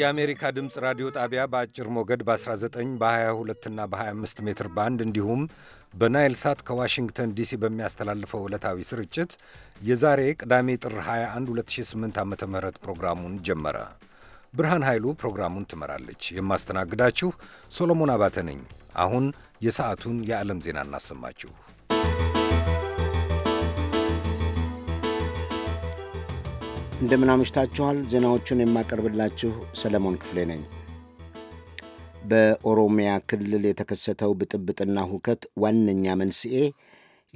የአሜሪካ ድምፅ ራዲዮ ጣቢያ በአጭር ሞገድ በ19 በ22 እና በ25 ሜትር ባንድ እንዲሁም በናይል ሳት ከዋሽንግተን ዲሲ በሚያስተላልፈው ዕለታዊ ስርጭት የዛሬ ቅዳሜ ጥር 21 2008 ዓ ም ፕሮግራሙን ጀመረ። ብርሃን ኃይሉ ፕሮግራሙን ትመራለች። የማስተናግዳችሁ ሶሎሞን አባተ ነኝ። አሁን የሰዓቱን የዓለም ዜና እናሰማችሁ። እንደምናመሽታችኋል ዜናዎቹን የማቀርብላችሁ ሰለሞን ክፍሌ ነኝ። በኦሮሚያ ክልል የተከሰተው ብጥብጥና ሁከት ዋነኛ መንስኤ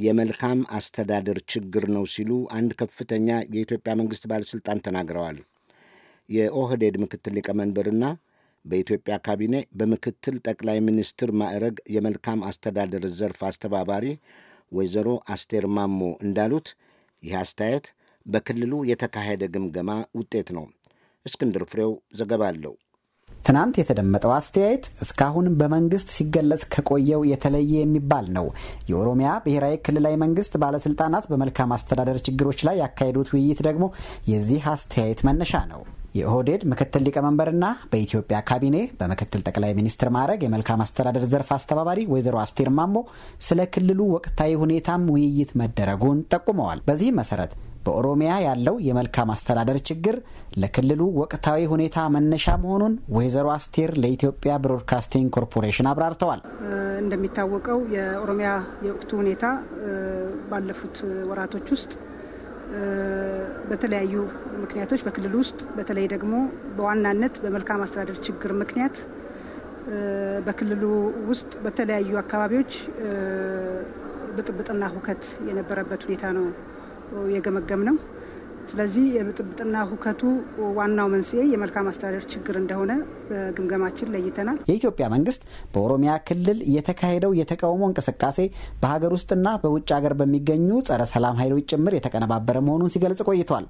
የመልካም አስተዳደር ችግር ነው ሲሉ አንድ ከፍተኛ የኢትዮጵያ መንግሥት ባለሥልጣን ተናግረዋል። የኦህዴድ ምክትል ሊቀመንበርና በኢትዮጵያ ካቢኔ በምክትል ጠቅላይ ሚኒስትር ማዕረግ የመልካም አስተዳደር ዘርፍ አስተባባሪ ወይዘሮ አስቴር ማሞ እንዳሉት ይህ አስተያየት በክልሉ የተካሄደ ግምገማ ውጤት ነው። እስክንድር ፍሬው ዘገባ አለው። ትናንት የተደመጠው አስተያየት እስካሁን በመንግስት ሲገለጽ ከቆየው የተለየ የሚባል ነው። የኦሮሚያ ብሔራዊ ክልላዊ መንግስት ባለስልጣናት በመልካም አስተዳደር ችግሮች ላይ ያካሄዱት ውይይት ደግሞ የዚህ አስተያየት መነሻ ነው። የኦህዴድ ምክትል ሊቀመንበርና በኢትዮጵያ ካቢኔ በምክትል ጠቅላይ ሚኒስትር ማዕረግ የመልካም አስተዳደር ዘርፍ አስተባባሪ ወይዘሮ አስቴር ማሞ ስለ ክልሉ ወቅታዊ ሁኔታም ውይይት መደረጉን ጠቁመዋል። በዚህም መሰረት በኦሮሚያ ያለው የመልካም አስተዳደር ችግር ለክልሉ ወቅታዊ ሁኔታ መነሻ መሆኑን ወይዘሮ አስቴር ለኢትዮጵያ ብሮድካስቲንግ ኮርፖሬሽን አብራርተዋል። እንደሚታወቀው የኦሮሚያ የወቅቱ ሁኔታ ባለፉት ወራቶች ውስጥ በተለያዩ ምክንያቶች በክልሉ ውስጥ በተለይ ደግሞ በዋናነት በመልካም አስተዳደር ችግር ምክንያት በክልሉ ውስጥ በተለያዩ አካባቢዎች ብጥብጥና ሁከት የነበረበት ሁኔታ ነው የገመገም ነው። ስለዚህ የብጥብጥና ሁከቱ ዋናው መንስኤ የመልካም አስተዳደር ችግር እንደሆነ በግምገማችን ለይተናል። የኢትዮጵያ መንግስት በኦሮሚያ ክልል የተካሄደው የተቃውሞ እንቅስቃሴ በሀገር ውስጥና በውጭ ሀገር በሚገኙ ጸረ ሰላም ኃይሎች ጭምር የተቀነባበረ መሆኑን ሲገልጽ ቆይቷል።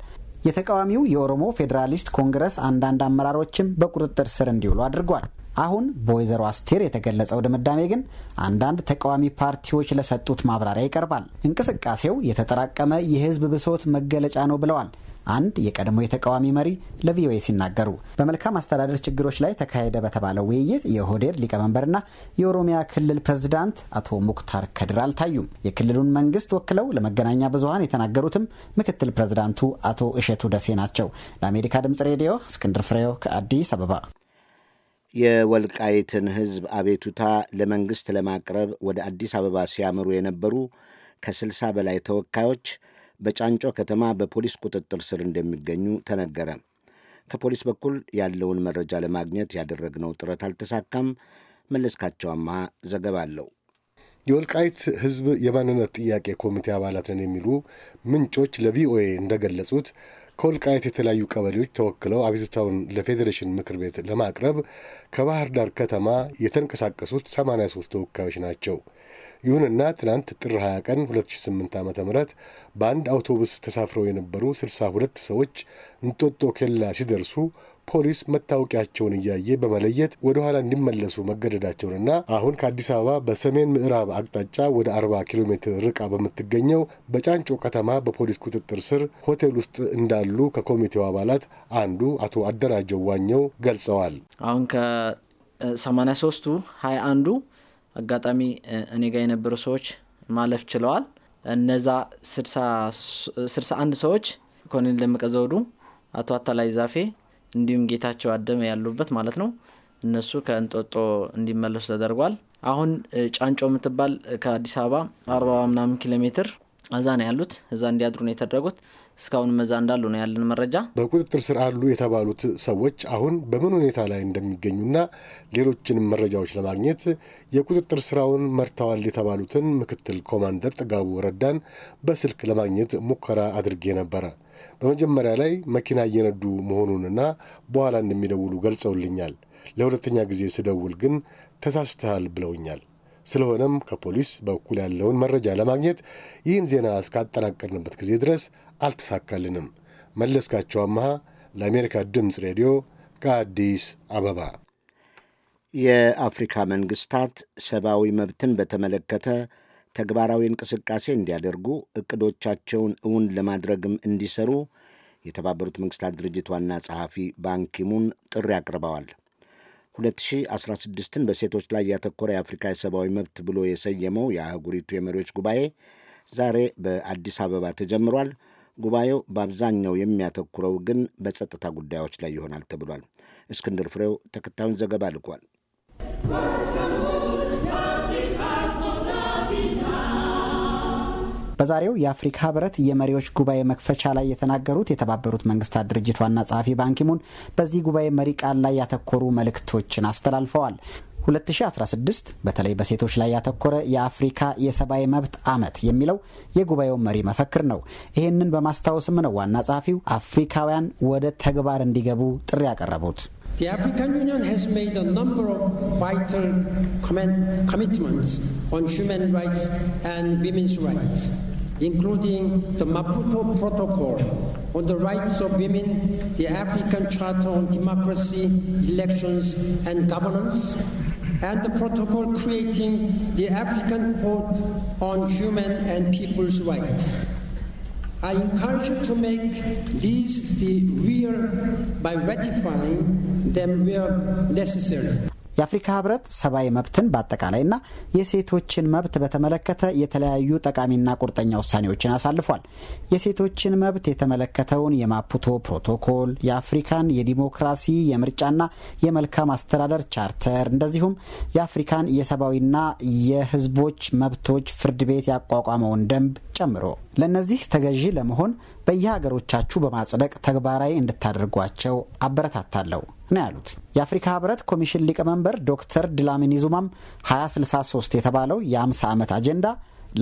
የተቃዋሚው የኦሮሞ ፌዴራሊስት ኮንግረስ አንዳንድ አመራሮችም በቁጥጥር ስር እንዲውሉ አድርጓል። አሁን በወይዘሮ አስቴር የተገለጸው ድምዳሜ ግን አንዳንድ ተቃዋሚ ፓርቲዎች ለሰጡት ማብራሪያ ይቀርባል። እንቅስቃሴው የተጠራቀመ የህዝብ ብሶት መገለጫ ነው ብለዋል። አንድ የቀድሞ የተቃዋሚ መሪ ለቪኦኤ ሲናገሩ በመልካም አስተዳደር ችግሮች ላይ ተካሄደ በተባለው ውይይት የኦህዴድ ሊቀመንበርና የኦሮሚያ ክልል ፕሬዝዳንት አቶ ሙክታር ከድር አልታዩም። የክልሉን መንግስት ወክለው ለመገናኛ ብዙሀን የተናገሩትም ምክትል ፕሬዝዳንቱ አቶ እሸቱ ደሴ ናቸው። ለአሜሪካ ድምጽ ሬዲዮ እስክንድር ፍሬው ከአዲስ አበባ የወልቃይትን ሕዝብ አቤቱታ ለመንግሥት ለማቅረብ ወደ አዲስ አበባ ሲያመሩ የነበሩ ከስልሳ በላይ ተወካዮች በጫንጮ ከተማ በፖሊስ ቁጥጥር ስር እንደሚገኙ ተነገረ። ከፖሊስ በኩል ያለውን መረጃ ለማግኘት ያደረግነው ጥረት አልተሳካም። መለስካቸዋማ ዘገባ አለው። የወልቃይት ሕዝብ የማንነት ጥያቄ ኮሚቴ አባላት ነን የሚሉ ምንጮች ለቪኦኤ እንደገለጹት ከወልቃየት የተለያዩ ቀበሌዎች ተወክለው አቤቱታውን ለፌዴሬሽን ምክር ቤት ለማቅረብ ከባህር ዳር ከተማ የተንቀሳቀሱት 83 ተወካዮች ናቸው። ይሁንና ትናንት ጥር 20 ቀን 2008 ዓ ም በአንድ አውቶቡስ ተሳፍረው የነበሩ 62 ሰዎች እንጦጦ ኬላ ሲደርሱ ፖሊስ መታወቂያቸውን እያየ በመለየት ወደ ኋላ እንዲመለሱ መገደዳቸውንና አሁን ከአዲስ አበባ በሰሜን ምዕራብ አቅጣጫ ወደ 40 ኪሎ ሜትር ርቃ በምትገኘው በጫንጮ ከተማ በፖሊስ ቁጥጥር ስር ሆቴል ውስጥ እንዳሉ ከኮሚቴው አባላት አንዱ አቶ አደራጀው ዋኘው ገልጸዋል። አሁን ከ83ቱ 21 ንዱ አጋጣሚ እኔ ጋር የነበሩ ሰዎች ማለፍ ችለዋል። እነዛ ስልሳ አንድ ሰዎች ኮኔል ደመቀ ዘውዱ፣ አቶ አታላይ ዛፌ እንዲሁም ጌታቸው አደመ ያሉበት ማለት ነው። እነሱ ከእንጦጦ እንዲመለሱ ተደርጓል። አሁን ጫንጮ የምትባል ከአዲስ አበባ አርባ ምናምን ኪሎ ሜትር እዛ ነው ያሉት። እዛ እንዲያድሩ ነው የተደረጉት። እስካሁን መዛ እንዳሉ ነው ያለን መረጃ። በቁጥጥር ስር አሉ የተባሉት ሰዎች አሁን በምን ሁኔታ ላይ እንደሚገኙና ሌሎችንም መረጃዎች ለማግኘት የቁጥጥር ስራውን መርተዋል የተባሉትን ምክትል ኮማንደር ጥጋቡ ረዳን በስልክ ለማግኘት ሙከራ አድርጌ ነበረ። በመጀመሪያ ላይ መኪና እየነዱ መሆኑንና በኋላ እንደሚደውሉ ገልጸውልኛል። ለሁለተኛ ጊዜ ስደውል ግን ተሳስተሃል ብለውኛል። ስለሆነም ከፖሊስ በኩል ያለውን መረጃ ለማግኘት ይህን ዜና እስካጠናቀርንበት ጊዜ ድረስ አልተሳካልንም። መለስካቸው አመሃ ለአሜሪካ ድምፅ ሬዲዮ ከአዲስ አበባ። የአፍሪካ መንግስታት ሰብአዊ መብትን በተመለከተ ተግባራዊ እንቅስቃሴ እንዲያደርጉ እቅዶቻቸውን እውን ለማድረግም እንዲሰሩ የተባበሩት መንግስታት ድርጅት ዋና ጸሐፊ ባንኪሙን ጥሪ አቅርበዋል። 2016ን በሴቶች ላይ ያተኮረ የአፍሪካ የሰብአዊ መብት ብሎ የሰየመው የአህጉሪቱ የመሪዎች ጉባኤ ዛሬ በአዲስ አበባ ተጀምሯል። ጉባኤው በአብዛኛው የሚያተኩረው ግን በጸጥታ ጉዳዮች ላይ ይሆናል ተብሏል። እስክንድር ፍሬው ተከታዩን ዘገባ ልኳል። በዛሬው የአፍሪካ ህብረት የመሪዎች ጉባኤ መክፈቻ ላይ የተናገሩት የተባበሩት መንግስታት ድርጅት ዋና ጸሐፊ ባንኪሙን በዚህ ጉባኤ መሪ ቃል ላይ ያተኮሩ መልእክቶችን አስተላልፈዋል። 2016 በተለይ በሴቶች ላይ ያተኮረ የአፍሪካ የሰብአዊ መብት ዓመት የሚለው የጉባኤው መሪ መፈክር ነው። ይህንን በማስታወስም ነው ዋና ጸሐፊው አፍሪካውያን ወደ ተግባር እንዲገቡ ጥሪ ያቀረቡት። The including the Maputo Protocol on the rights of women, the African Charter on Democracy, Elections and Governance, and the protocol creating the African Court on Human and People's Rights. I encourage you to make these the real by ratifying them where necessary. የአፍሪካ ህብረት ሰብአዊ መብትን በአጠቃላይና የሴቶችን መብት በተመለከተ የተለያዩ ጠቃሚና ቁርጠኛ ውሳኔዎችን አሳልፏል። የሴቶችን መብት የተመለከተውን የማፑቶ ፕሮቶኮል፣ የአፍሪካን የዲሞክራሲ የምርጫና የመልካም አስተዳደር ቻርተር እንደዚሁም የአፍሪካን የሰብአዊና የህዝቦች መብቶች ፍርድ ቤት ያቋቋመውን ደንብ ጨምሮ ለእነዚህ ተገዢ ለመሆን በየሀገሮቻችሁ በማጽደቅ ተግባራዊ እንድታደርጓቸው አበረታታለሁ ነው ያሉት። የአፍሪካ ህብረት ኮሚሽን ሊቀመንበር ዶክተር ድላሚኒ ዙማም 2063 የተባለው የ50 ዓመት አጀንዳ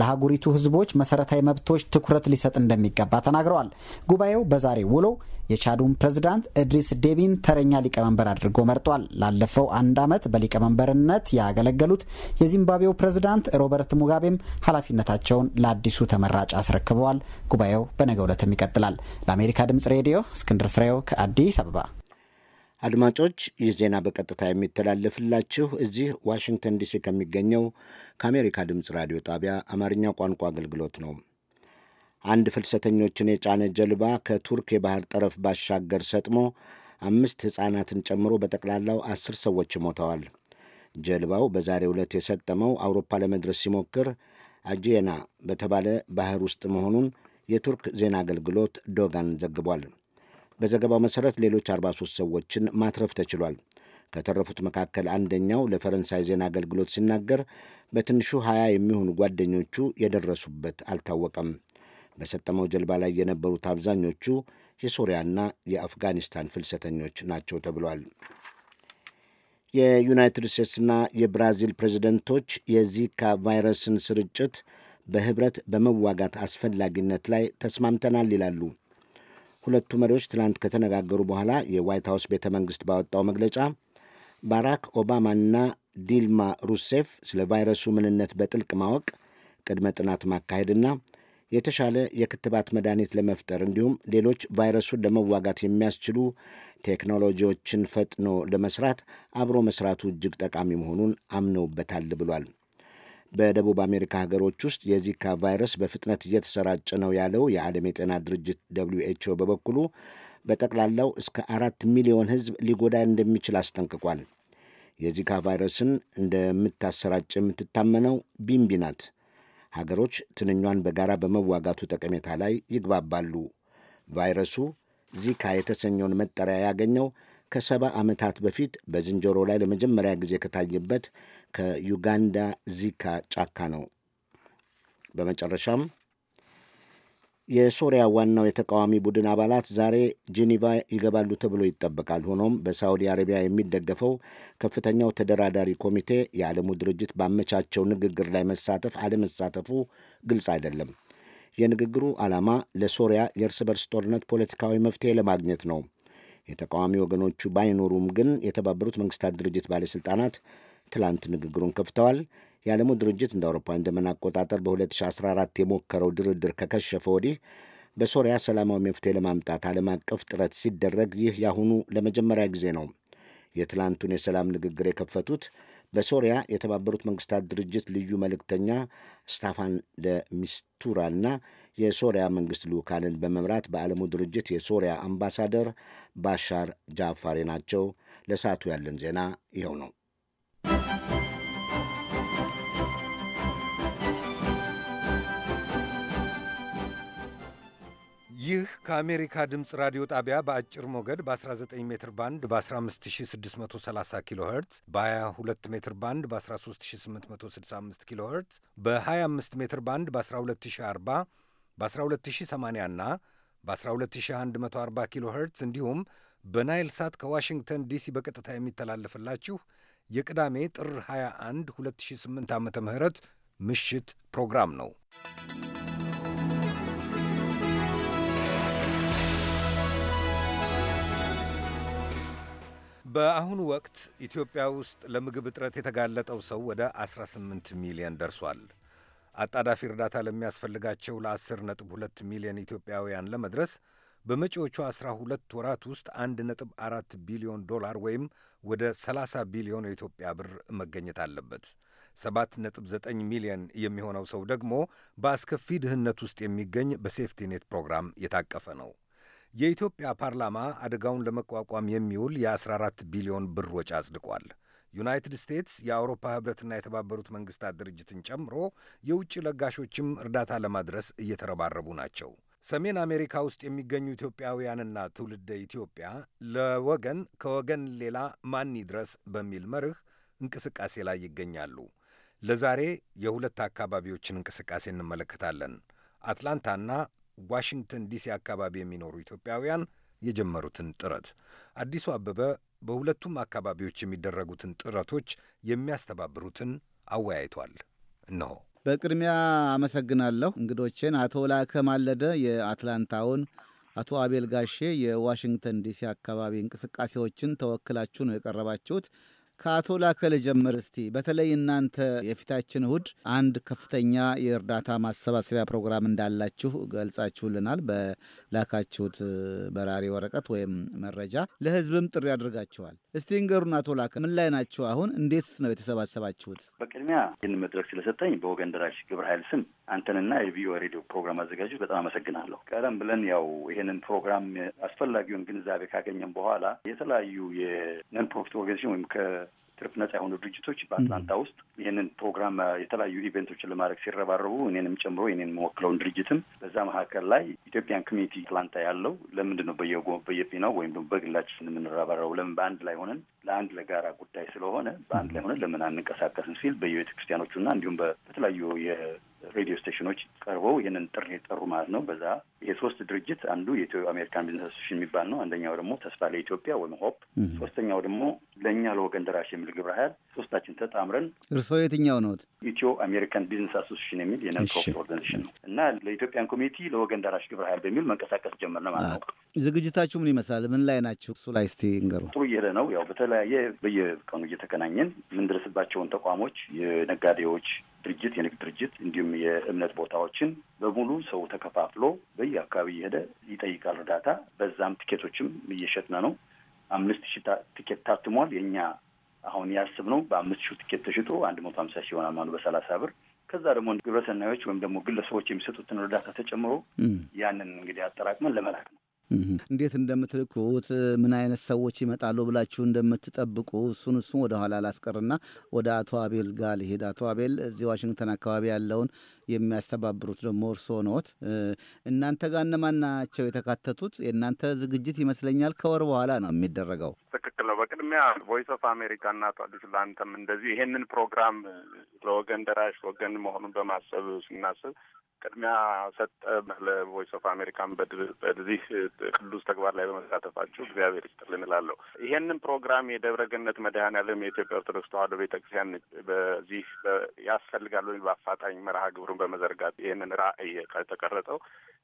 ለሀገሪቱ ህዝቦች መሰረታዊ መብቶች ትኩረት ሊሰጥ እንደሚገባ ተናግረዋል። ጉባኤው በዛሬ ውሎ የቻዱን ፕሬዝዳንት እድሪስ ዴቢን ተረኛ ሊቀመንበር አድርጎ መርጧል። ላለፈው አንድ ዓመት በሊቀመንበርነት ያገለገሉት የዚምባብዌው ፕሬዝዳንት ሮበርት ሙጋቤም ኃላፊነታቸውን ለአዲሱ ተመራጭ አስረክበዋል። ጉባኤው በነገ ዕለትም ይቀጥላል። ለአሜሪካ ድምጽ ሬዲዮ እስክንድር ፍሬው ከአዲስ አበባ አድማጮች ይህ ዜና በቀጥታ የሚተላለፍላችሁ እዚህ ዋሽንግተን ዲሲ ከሚገኘው ከአሜሪካ ድምፅ ራዲዮ ጣቢያ አማርኛ ቋንቋ አገልግሎት ነው። አንድ ፍልሰተኞችን የጫነ ጀልባ ከቱርክ የባህር ጠረፍ ባሻገር ሰጥሞ አምስት ሕፃናትን ጨምሮ በጠቅላላው አስር ሰዎች ሞተዋል። ጀልባው በዛሬ ዕለት የሰጠመው አውሮፓ ለመድረስ ሲሞክር አጄና በተባለ ባህር ውስጥ መሆኑን የቱርክ ዜና አገልግሎት ዶጋን ዘግቧል። በዘገባው መሠረት ሌሎች 43 ሰዎችን ማትረፍ ተችሏል። ከተረፉት መካከል አንደኛው ለፈረንሳይ ዜና አገልግሎት ሲናገር በትንሹ 20 የሚሆኑ ጓደኞቹ የደረሱበት አልታወቀም። በሰጠመው ጀልባ ላይ የነበሩት አብዛኞቹ የሶሪያና የአፍጋኒስታን ፍልሰተኞች ናቸው ተብሏል። የዩናይትድ ስቴትስና የብራዚል ፕሬዝደንቶች የዚካ ቫይረስን ስርጭት በህብረት በመዋጋት አስፈላጊነት ላይ ተስማምተናል ይላሉ። ሁለቱ መሪዎች ትናንት ከተነጋገሩ በኋላ የዋይት ሀውስ ቤተ መንግስት ባወጣው መግለጫ ባራክ ኦባማና ዲልማ ሩሴፍ ስለ ቫይረሱ ምንነት በጥልቅ ማወቅ፣ ቅድመ ጥናት ማካሄድና የተሻለ የክትባት መድኃኒት ለመፍጠር እንዲሁም ሌሎች ቫይረሱን ለመዋጋት የሚያስችሉ ቴክኖሎጂዎችን ፈጥኖ ለመስራት አብሮ መስራቱ እጅግ ጠቃሚ መሆኑን አምነውበታል ብሏል። በደቡብ አሜሪካ ሀገሮች ውስጥ የዚካ ቫይረስ በፍጥነት እየተሰራጨ ነው ያለው የዓለም የጤና ድርጅት ደብሊው ኤችኦ በበኩሉ በጠቅላላው እስከ አራት ሚሊዮን ሕዝብ ሊጎዳ እንደሚችል አስጠንቅቋል። የዚካ ቫይረስን እንደምታሰራጭ የምትታመነው ቢምቢ ናት። ሀገሮች ትንኟን በጋራ በመዋጋቱ ጠቀሜታ ላይ ይግባባሉ። ቫይረሱ ዚካ የተሰኘውን መጠሪያ ያገኘው ከሰባ ዓመታት በፊት በዝንጀሮ ላይ ለመጀመሪያ ጊዜ ከታየበት ከዩጋንዳ ዚካ ጫካ ነው። በመጨረሻም የሶሪያ ዋናው የተቃዋሚ ቡድን አባላት ዛሬ ጄኔቫ ይገባሉ ተብሎ ይጠበቃል። ሆኖም በሳዑዲ አረቢያ የሚደገፈው ከፍተኛው ተደራዳሪ ኮሚቴ የዓለሙ ድርጅት ባመቻቸው ንግግር ላይ መሳተፍ አለመሳተፉ ግልጽ አይደለም። የንግግሩ ዓላማ ለሶሪያ የእርስ በርስ ጦርነት ፖለቲካዊ መፍትሄ ለማግኘት ነው። የተቃዋሚ ወገኖቹ ባይኖሩም ግን የተባበሩት መንግስታት ድርጅት ባለሥልጣናት ትላንት ንግግሩን ከፍተዋል። የዓለሙ ድርጅት እንደ አውሮፓውያን ዘመን አቆጣጠር በ2014 የሞከረው ድርድር ከከሸፈ ወዲህ በሶሪያ ሰላማዊ መፍትሄ ለማምጣት ዓለም አቀፍ ጥረት ሲደረግ ይህ የአሁኑ ለመጀመሪያ ጊዜ ነው። የትላንቱን የሰላም ንግግር የከፈቱት በሶሪያ የተባበሩት መንግስታት ድርጅት ልዩ መልእክተኛ ስታፋን ደሚስቱራና የሶሪያ መንግስት ልዑካንን በመምራት በዓለሙ ድርጅት የሶሪያ አምባሳደር ባሻር ጃፋሪ ናቸው። ለሰዓቱ ያለን ዜና ይኸው ነው። ይህ ከአሜሪካ ድምፅ ራዲዮ ጣቢያ በአጭር ሞገድ በ19 ሜትር ባንድ በ15630 ኪሎ ኸርትዝ በ22 ሜትር ባንድ በ13865 ኪሎ ኸርትዝ በ25 ሜትር ባንድ በ 1240 በ 1280 እና በ12140 ኪሎ ኸርትዝ እንዲሁም በናይል ሳት ከዋሽንግተን ዲሲ በቀጥታ የሚተላለፍላችሁ የቅዳሜ ጥር 21 2008 ዓ ም ምሽት ፕሮግራም ነው። በአሁኑ ወቅት ኢትዮጵያ ውስጥ ለምግብ እጥረት የተጋለጠው ሰው ወደ 18 ሚሊዮን ደርሷል። አጣዳፊ እርዳታ ለሚያስፈልጋቸው ለ10.2 ሚሊዮን ኢትዮጵያውያን ለመድረስ በመጪዎቹ 12 ወራት ውስጥ 1.4 ቢሊዮን ዶላር ወይም ወደ 30 ቢሊዮን የኢትዮጵያ ብር መገኘት አለበት። 7.9 ሚሊዮን የሚሆነው ሰው ደግሞ በአስከፊ ድህነት ውስጥ የሚገኝ በሴፍቲኔት ፕሮግራም የታቀፈ ነው። የኢትዮጵያ ፓርላማ አደጋውን ለመቋቋም የሚውል የ14 ቢሊዮን ብር ወጪ አጽድቋል። ዩናይትድ ስቴትስ የአውሮፓ ህብረትና የተባበሩት መንግስታት ድርጅትን ጨምሮ የውጭ ለጋሾችም እርዳታ ለማድረስ እየተረባረቡ ናቸው። ሰሜን አሜሪካ ውስጥ የሚገኙ ኢትዮጵያውያንና ትውልደ ኢትዮጵያ ለወገን ከወገን ሌላ ማን ይድረስ በሚል መርህ እንቅስቃሴ ላይ ይገኛሉ። ለዛሬ የሁለት አካባቢዎችን እንቅስቃሴ እንመለከታለን፣ አትላንታና ዋሽንግተን ዲሲ አካባቢ የሚኖሩ ኢትዮጵያውያን የጀመሩትን ጥረት አዲሱ አበበ በሁለቱም አካባቢዎች የሚደረጉትን ጥረቶች የሚያስተባብሩትን አወያይቷል። እነሆ። በቅድሚያ አመሰግናለሁ እንግዶቼን አቶ ላከ ማለደ የአትላንታውን፣ አቶ አቤል ጋሼ የዋሽንግተን ዲሲ አካባቢ እንቅስቃሴዎችን ተወክላችሁ ነው የቀረባችሁት። ከአቶ ላከለ ጀምር እስቲ። በተለይ እናንተ የፊታችን እሁድ አንድ ከፍተኛ የእርዳታ ማሰባሰቢያ ፕሮግራም እንዳላችሁ ገልጻችሁልናል። በላካችሁት በራሪ ወረቀት ወይም መረጃ ለህዝብም ጥሪ አድርጋችኋል። እስቲ እንገሩን አቶ ላከ ምን ላይ ናችሁ አሁን? እንዴት ነው የተሰባሰባችሁት? በቅድሚያ ይህን መድረክ ስለሰጠኝ በወገን ደራሽ ግብረ ኃይል ስም አንተንና የቪኦኤ ሬዲዮ ፕሮግራም አዘጋጆች በጣም አመሰግናለሁ። ቀደም ብለን ያው ይህንን ፕሮግራም አስፈላጊውን ግንዛቤ ካገኘን በኋላ የተለያዩ የነን ፕሮፊት ኦርጋኒዜሽን ወይም ትርፍ ነጻ የሆኑ ድርጅቶች በአትላንታ ውስጥ ይህንን ፕሮግራም የተለያዩ ኢቨንቶችን ለማድረግ ሲረባረቡ እኔንም ጨምሮ እኔን የምወክለውን ድርጅትም በዛ መካከል ላይ ኢትዮጵያን ኮሚኒቲ አትላንታ ያለው ለምንድን ነው በየፊናው ወይም ደግሞ በግላችን የምንረባረቡ ለምን በአንድ ላይ ሆነን ለአንድ ለጋራ ጉዳይ ስለሆነ በአንድ ላይ ሆነን ለምን አንንቀሳቀስም ሲል በየቤተ ክርስቲያኖቹና እንዲሁም በተለያዩ ሬዲዮ ስቴሽኖች ቀርበው ይህንን ጥሪ የጠሩ ማለት ነው። በዛ ይሄ ሶስት ድርጅት አንዱ የኢትዮ አሜሪካን ቢዝነስ አሶሴሽን የሚባል ነው። አንደኛው ደግሞ ተስፋ ለኢትዮጵያ ወይም ሆፕ፣ ሶስተኛው ደግሞ ለእኛ ለወገን ደራሽ የሚል ግብረ ኃይል ሶስታችን ተጣምረን። እርስዎ የትኛው ነዎት? ኢትዮ አሜሪካን ቢዝነስ አሶሴሽን የሚል የነን ፕሮፊት ኦርጋናይዜሽን ነው እና ለኢትዮጵያን ኮሚኒቲ ለወገን ደራሽ ግብረ ኃይል በሚል መንቀሳቀስ ጀመርን ማለት ነው። ዝግጅታችሁ ምን ይመስላል? ምን ላይ ናችሁ? እሱ ላይ እስቲ ንገሩ። ጥሩ እየሄደ ነው። ያው በተለያየ በየቀኑ እየተገናኘን የምንደርስባቸውን ተቋሞች የነጋዴዎች ድርጅት የንግድ ድርጅት እንዲሁም የእምነት ቦታዎችን በሙሉ ሰው ተከፋፍሎ በየአካባቢ እየሄደ ይጠይቃል እርዳታ። በዛም ቲኬቶችም እየሸጥነ ነው። አምስት ሺ ቲኬት ታትሟል። የእኛ አሁን ነው በአምስት ሺ ቲኬት ተሽጦ አንድ መቶ ሀምሳ ሺ ይሆናል ማለት በሰላሳ ብር ከዛ ደግሞ ግብረሰናዮች ወይም ደግሞ ግለሰቦች የሚሰጡትን እርዳታ ተጨምሮ ያንን እንግዲህ አጠራቅመን ለመላክ ነው። እንዴት እንደምትልኩት ምን አይነት ሰዎች ይመጣሉ ብላችሁ እንደምትጠብቁ እሱን እሱን ኋላ ላስቀርና ወደ አቶ አቤል ጋር ልሄድ። አቶ አቤል እዚህ ዋሽንግተን አካባቢ ያለውን የሚያስተባብሩት ደግሞ እርስዎ ነዎት። እናንተ ጋር እነማን ናቸው የተካተቱት? የእናንተ ዝግጅት ይመስለኛል ከወር በኋላ ነው የሚደረገው። ትክክል ነው። በቅድሚያ ቮይስ ኦፍ አሜሪካና አቶ አዲሱ ለአንተም እንደዚህ ይሄንን ፕሮግራም ለወገን ደራሽ ወገን መሆኑን በማሰብ ስናስብ ቅድሚያ ሰጠ ለቮይስ ኦፍ አሜሪካን በዚህ ቅዱስ ተግባር ላይ በመሳተፋችሁ እግዚአብሔር ይስጥልን እላለሁ። ይሄንን ፕሮግራም የደብረገነት መድኃኔዓለም የኢትዮጵያ ኦርቶዶክስ ተዋሕዶ ቤተክርስቲያን በዚህ ያስፈልጋል ወይም በአፋጣኝ መርሃ ግብሩን በመዘርጋት ይህንን ራዕይ ከተቀረጸው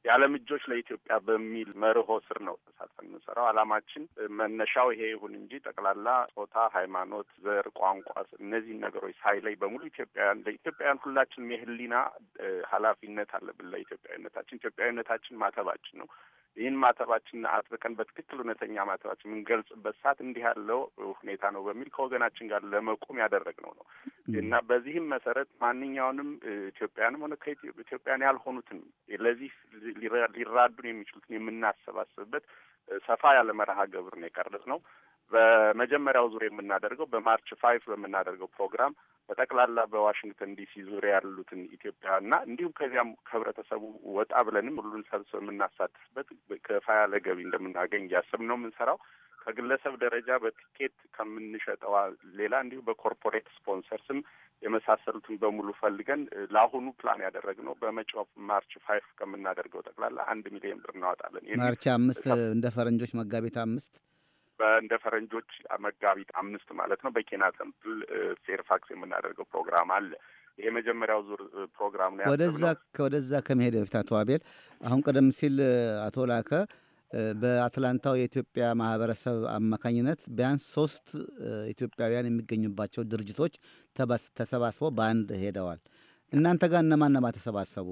የዓለም እጆች ለኢትዮጵያ በሚል መርሆ ስር ነው ተሳትፈን የምንሰራው። አላማችን መነሻው ይሄ ይሁን እንጂ ጠቅላላ ጾታ፣ ሃይማኖት፣ ዘር፣ ቋንቋ እነዚህን ነገሮች ሳይለይ በሙሉ ኢትዮጵያውያን ለኢትዮጵያውያን ሁላችንም የህሊና ኃላፊነት አለብን ለኢትዮጵያዊነታችን። ኢትዮጵያዊነታችን ማተባችን ነው። ይህን ማተባችን አጥብቀን በትክክል እውነተኛ ማተባችን የምንገልጽበት ሰዓት እንዲህ ያለው ሁኔታ ነው በሚል ከወገናችን ጋር ለመቆም ያደረግነው ነው እና በዚህም መሰረት ማንኛውንም ኢትዮጵያንም ሆነ ከኢትዮጵያን ያልሆኑትን ለዚህ ሊራዱን የሚችሉትን የምናሰባስብበት ሰፋ ያለ መርሃ ግብር ነው የቀረጽ ነው። በመጀመሪያው ዙር የምናደርገው በማርች ፋይቭ በምናደርገው ፕሮግራም በጠቅላላ በዋሽንግተን ዲሲ ዙሪያ ያሉትን ኢትዮጵያና እንዲሁም ከዚያም ከህብረተሰቡ ወጣ ብለንም ሁሉን ሰብስብ የምናሳትፍበት ከፋ ያለ ገቢ እንደምናገኝ እያሰብን ነው የምንሰራው። ከግለሰብ ደረጃ በቲኬት ከምንሸጠዋ ሌላ እንዲሁ በኮርፖሬት ስፖንሰርስም የመሳሰሉትን በሙሉ ፈልገን ለአሁኑ ፕላን ያደረግነው በመጪው ማርች ፋይፍ ከምናደርገው ጠቅላላ አንድ ሚሊዮን ብር እናወጣለን። ማርች አምስት እንደ ፈረንጆች መጋቢት አምስት እንደ ፈረንጆች መጋቢት አምስት ማለት ነው በኬና ተምፕል ፌርፋክስ የምናደርገው ፕሮግራም አለ። ይሄ መጀመሪያው ዙር ፕሮግራም ነው። ወደዛ ከወደዛ ከመሄድ በፊት አቶ አቤል አሁን ቀደም ሲል አቶ ላከ በአትላንታው የኢትዮጵያ ማህበረሰብ አማካኝነት ቢያንስ ሶስት ኢትዮጵያውያን የሚገኙባቸው ድርጅቶች ተሰባስበው በአንድ ሄደዋል። እናንተ ጋር እነማን ነማ ተሰባሰቡ?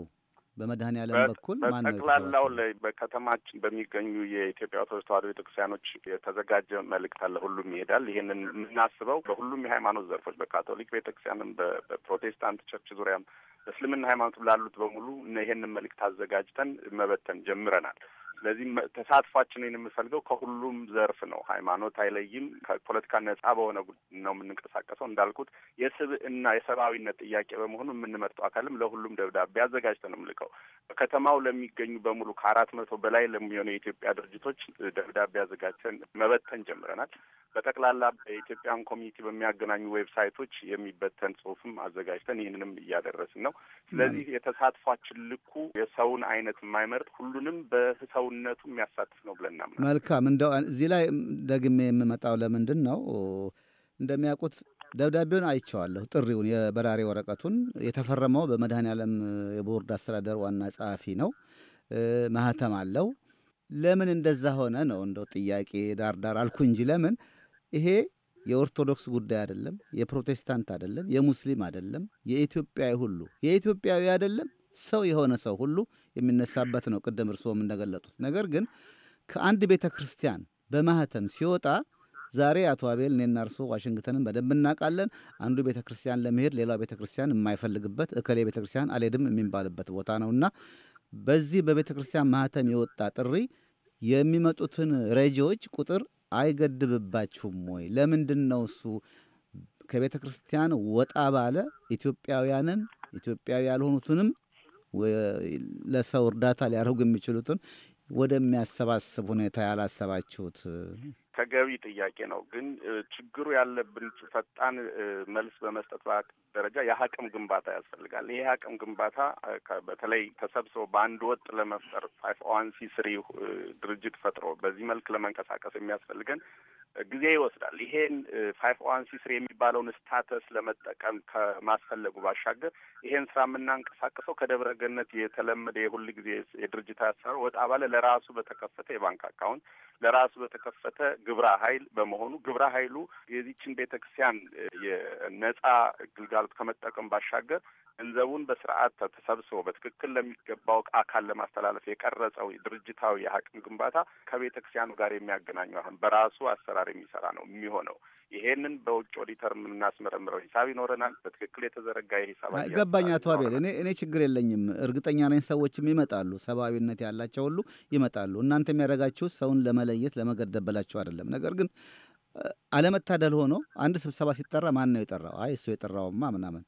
በመድኃኔ ዓለም በኩል በጠቅላላው ላይ በከተማችን በሚገኙ የኢትዮጵያ ኦርቶዶክስ ተዋህዶ ቤተክርስቲያኖች የተዘጋጀ መልእክት አለ። ሁሉም ይሄዳል። ይህንን የምናስበው በሁሉም የሃይማኖት ዘርፎች በካቶሊክ ቤተክርስቲያንም፣ በፕሮቴስታንት ቸርች ዙሪያም፣ በእስልምና ሃይማኖት ላሉት በሙሉ ይህንን መልእክት አዘጋጅተን መበተን ጀምረናል። ስለዚህ ተሳትፏችንን የምፈልገው ከሁሉም ዘርፍ ነው። ሃይማኖት አይለይም። ከፖለቲካ ነጻ በሆነ ነው የምንንቀሳቀሰው። እንዳልኩት የስብዕና የሰብአዊነት ጥያቄ በመሆኑ የምንመርጠው አካልም ለሁሉም ደብዳቤ ነው ምልከው በከተማው ለሚገኙ በሙሉ ከአራት መቶ በላይ ለሚሆኑ የኢትዮጵያ ድርጅቶች ደብዳቤ አዘጋጅተን መበተን ጀምረናል። በጠቅላላ በኢትዮጵያን ኮሚኒቲ በሚያገናኙ ዌብሳይቶች የሚበተን ጽሁፍም አዘጋጅተን ይህንንም እያደረስን ነው። ስለዚህ የተሳትፏችን ልኩ የሰውን አይነት የማይመርጥ ሁሉንም በሰው ሰውነቱ የሚያሳትፍ ነው ብለን እናምናለን። መልካም እንደው እዚህ ላይ ደግሜ የምመጣው ለምንድን ነው እንደሚያውቁት ደብዳቤውን አይቸዋለሁ ጥሪውን የበራሪ ወረቀቱን የተፈረመው በመድኃኔዓለም የቦርድ አስተዳደር ዋና ጸሐፊ ነው። ማህተም አለው። ለምን እንደዛ ሆነ ነው እንደው ጥያቄ ዳርዳር አልኩ እንጂ ለምን ይሄ የኦርቶዶክስ ጉዳይ አይደለም፣ የፕሮቴስታንት አይደለም፣ የሙስሊም አይደለም፣ የኢትዮጵያዊ ሁሉ የኢትዮጵያዊ አይደለም ሰው የሆነ ሰው ሁሉ የሚነሳበት ነው። ቅድም እርስዎም እንደገለጡት ነገር ግን ከአንድ ቤተ ክርስቲያን በማህተም ሲወጣ ዛሬ አቶ አቤል እኔና እርስዎ ዋሽንግተንን በደንብ እናውቃለን። አንዱ ቤተ ክርስቲያን ለመሄድ ሌላው ቤተ ክርስቲያን የማይፈልግበት እከሌ ቤተ ክርስቲያን አልሄድም የሚባልበት ቦታ ነውና በዚህ በቤተ ክርስቲያን ማህተም የወጣ ጥሪ የሚመጡትን ረጂዎች ቁጥር አይገድብባችሁም ወይ? ለምንድን ነው እሱ ከቤተ ክርስቲያን ወጣ ባለ ኢትዮጵያውያንን ኢትዮጵያዊ ያልሆኑትንም ለሰው እርዳታ ሊያደርጉ የሚችሉትን ወደሚያሰባስብ ሁኔታ ያላሰባችሁት ተገቢ ጥያቄ ነው። ግን ችግሩ ያለብን ፈጣን መልስ በመስጠት ደረጃ የአቅም ግንባታ ያስፈልጋል። ይህ የአቅም ግንባታ በተለይ ተሰብስበው በአንድ ወጥ ለመፍጠር ፋይፍ ዋን ሲ ስሪ ድርጅት ፈጥሮ በዚህ መልክ ለመንቀሳቀስ የሚያስፈልገን ጊዜ ይወስዳል። ይሄን ፋይፍ ዋን ሲ ስሪ የሚባለውን ስታተስ ለመጠቀም ከማስፈለጉ ባሻገር ይሄን ስራ የምናንቀሳቀሰው ከደብረ ገነት የተለመደ የሁል ጊዜ የድርጅት አሰራር ወጣ ባለ ለራሱ በተከፈተ የባንክ አካውንት ለራሱ በተከፈተ ግብረ ኃይል በመሆኑ ግብረ ኃይሉ የዚችን ቤተክርስቲያን የነጻ ግልጋሎት ከመጠቀም ባሻገር ገንዘቡን በስርዓት ተሰብስቦ በትክክል ለሚገባው አካል ለማስተላለፍ የቀረጸው ድርጅታዊ የአቅም ግንባታ ከቤተ ክርስቲያኑ ጋር የሚያገናኙ አሁን በራሱ አሰራር የሚሰራ ነው የሚሆነው። ይሄንን በውጭ ኦዲተር የምናስመረምረው ሂሳብ ይኖረናል። በትክክል የተዘረጋ ሂሳብ ገባኝ። አቶ አቤል፣ እኔ እኔ ችግር የለኝም። እርግጠኛ ነኝ ሰዎችም ይመጣሉ፣ ሰብአዊነት ያላቸው ሁሉ ይመጣሉ። እናንተ የሚያደርጋችሁ ሰውን ለመለየት ለመገደበላቸው አይደለም። ነገር ግን አለመታደል ሆኖ አንድ ስብሰባ ሲጠራ ማን ነው የጠራው? አይ እሱ የጠራውማ ምናምን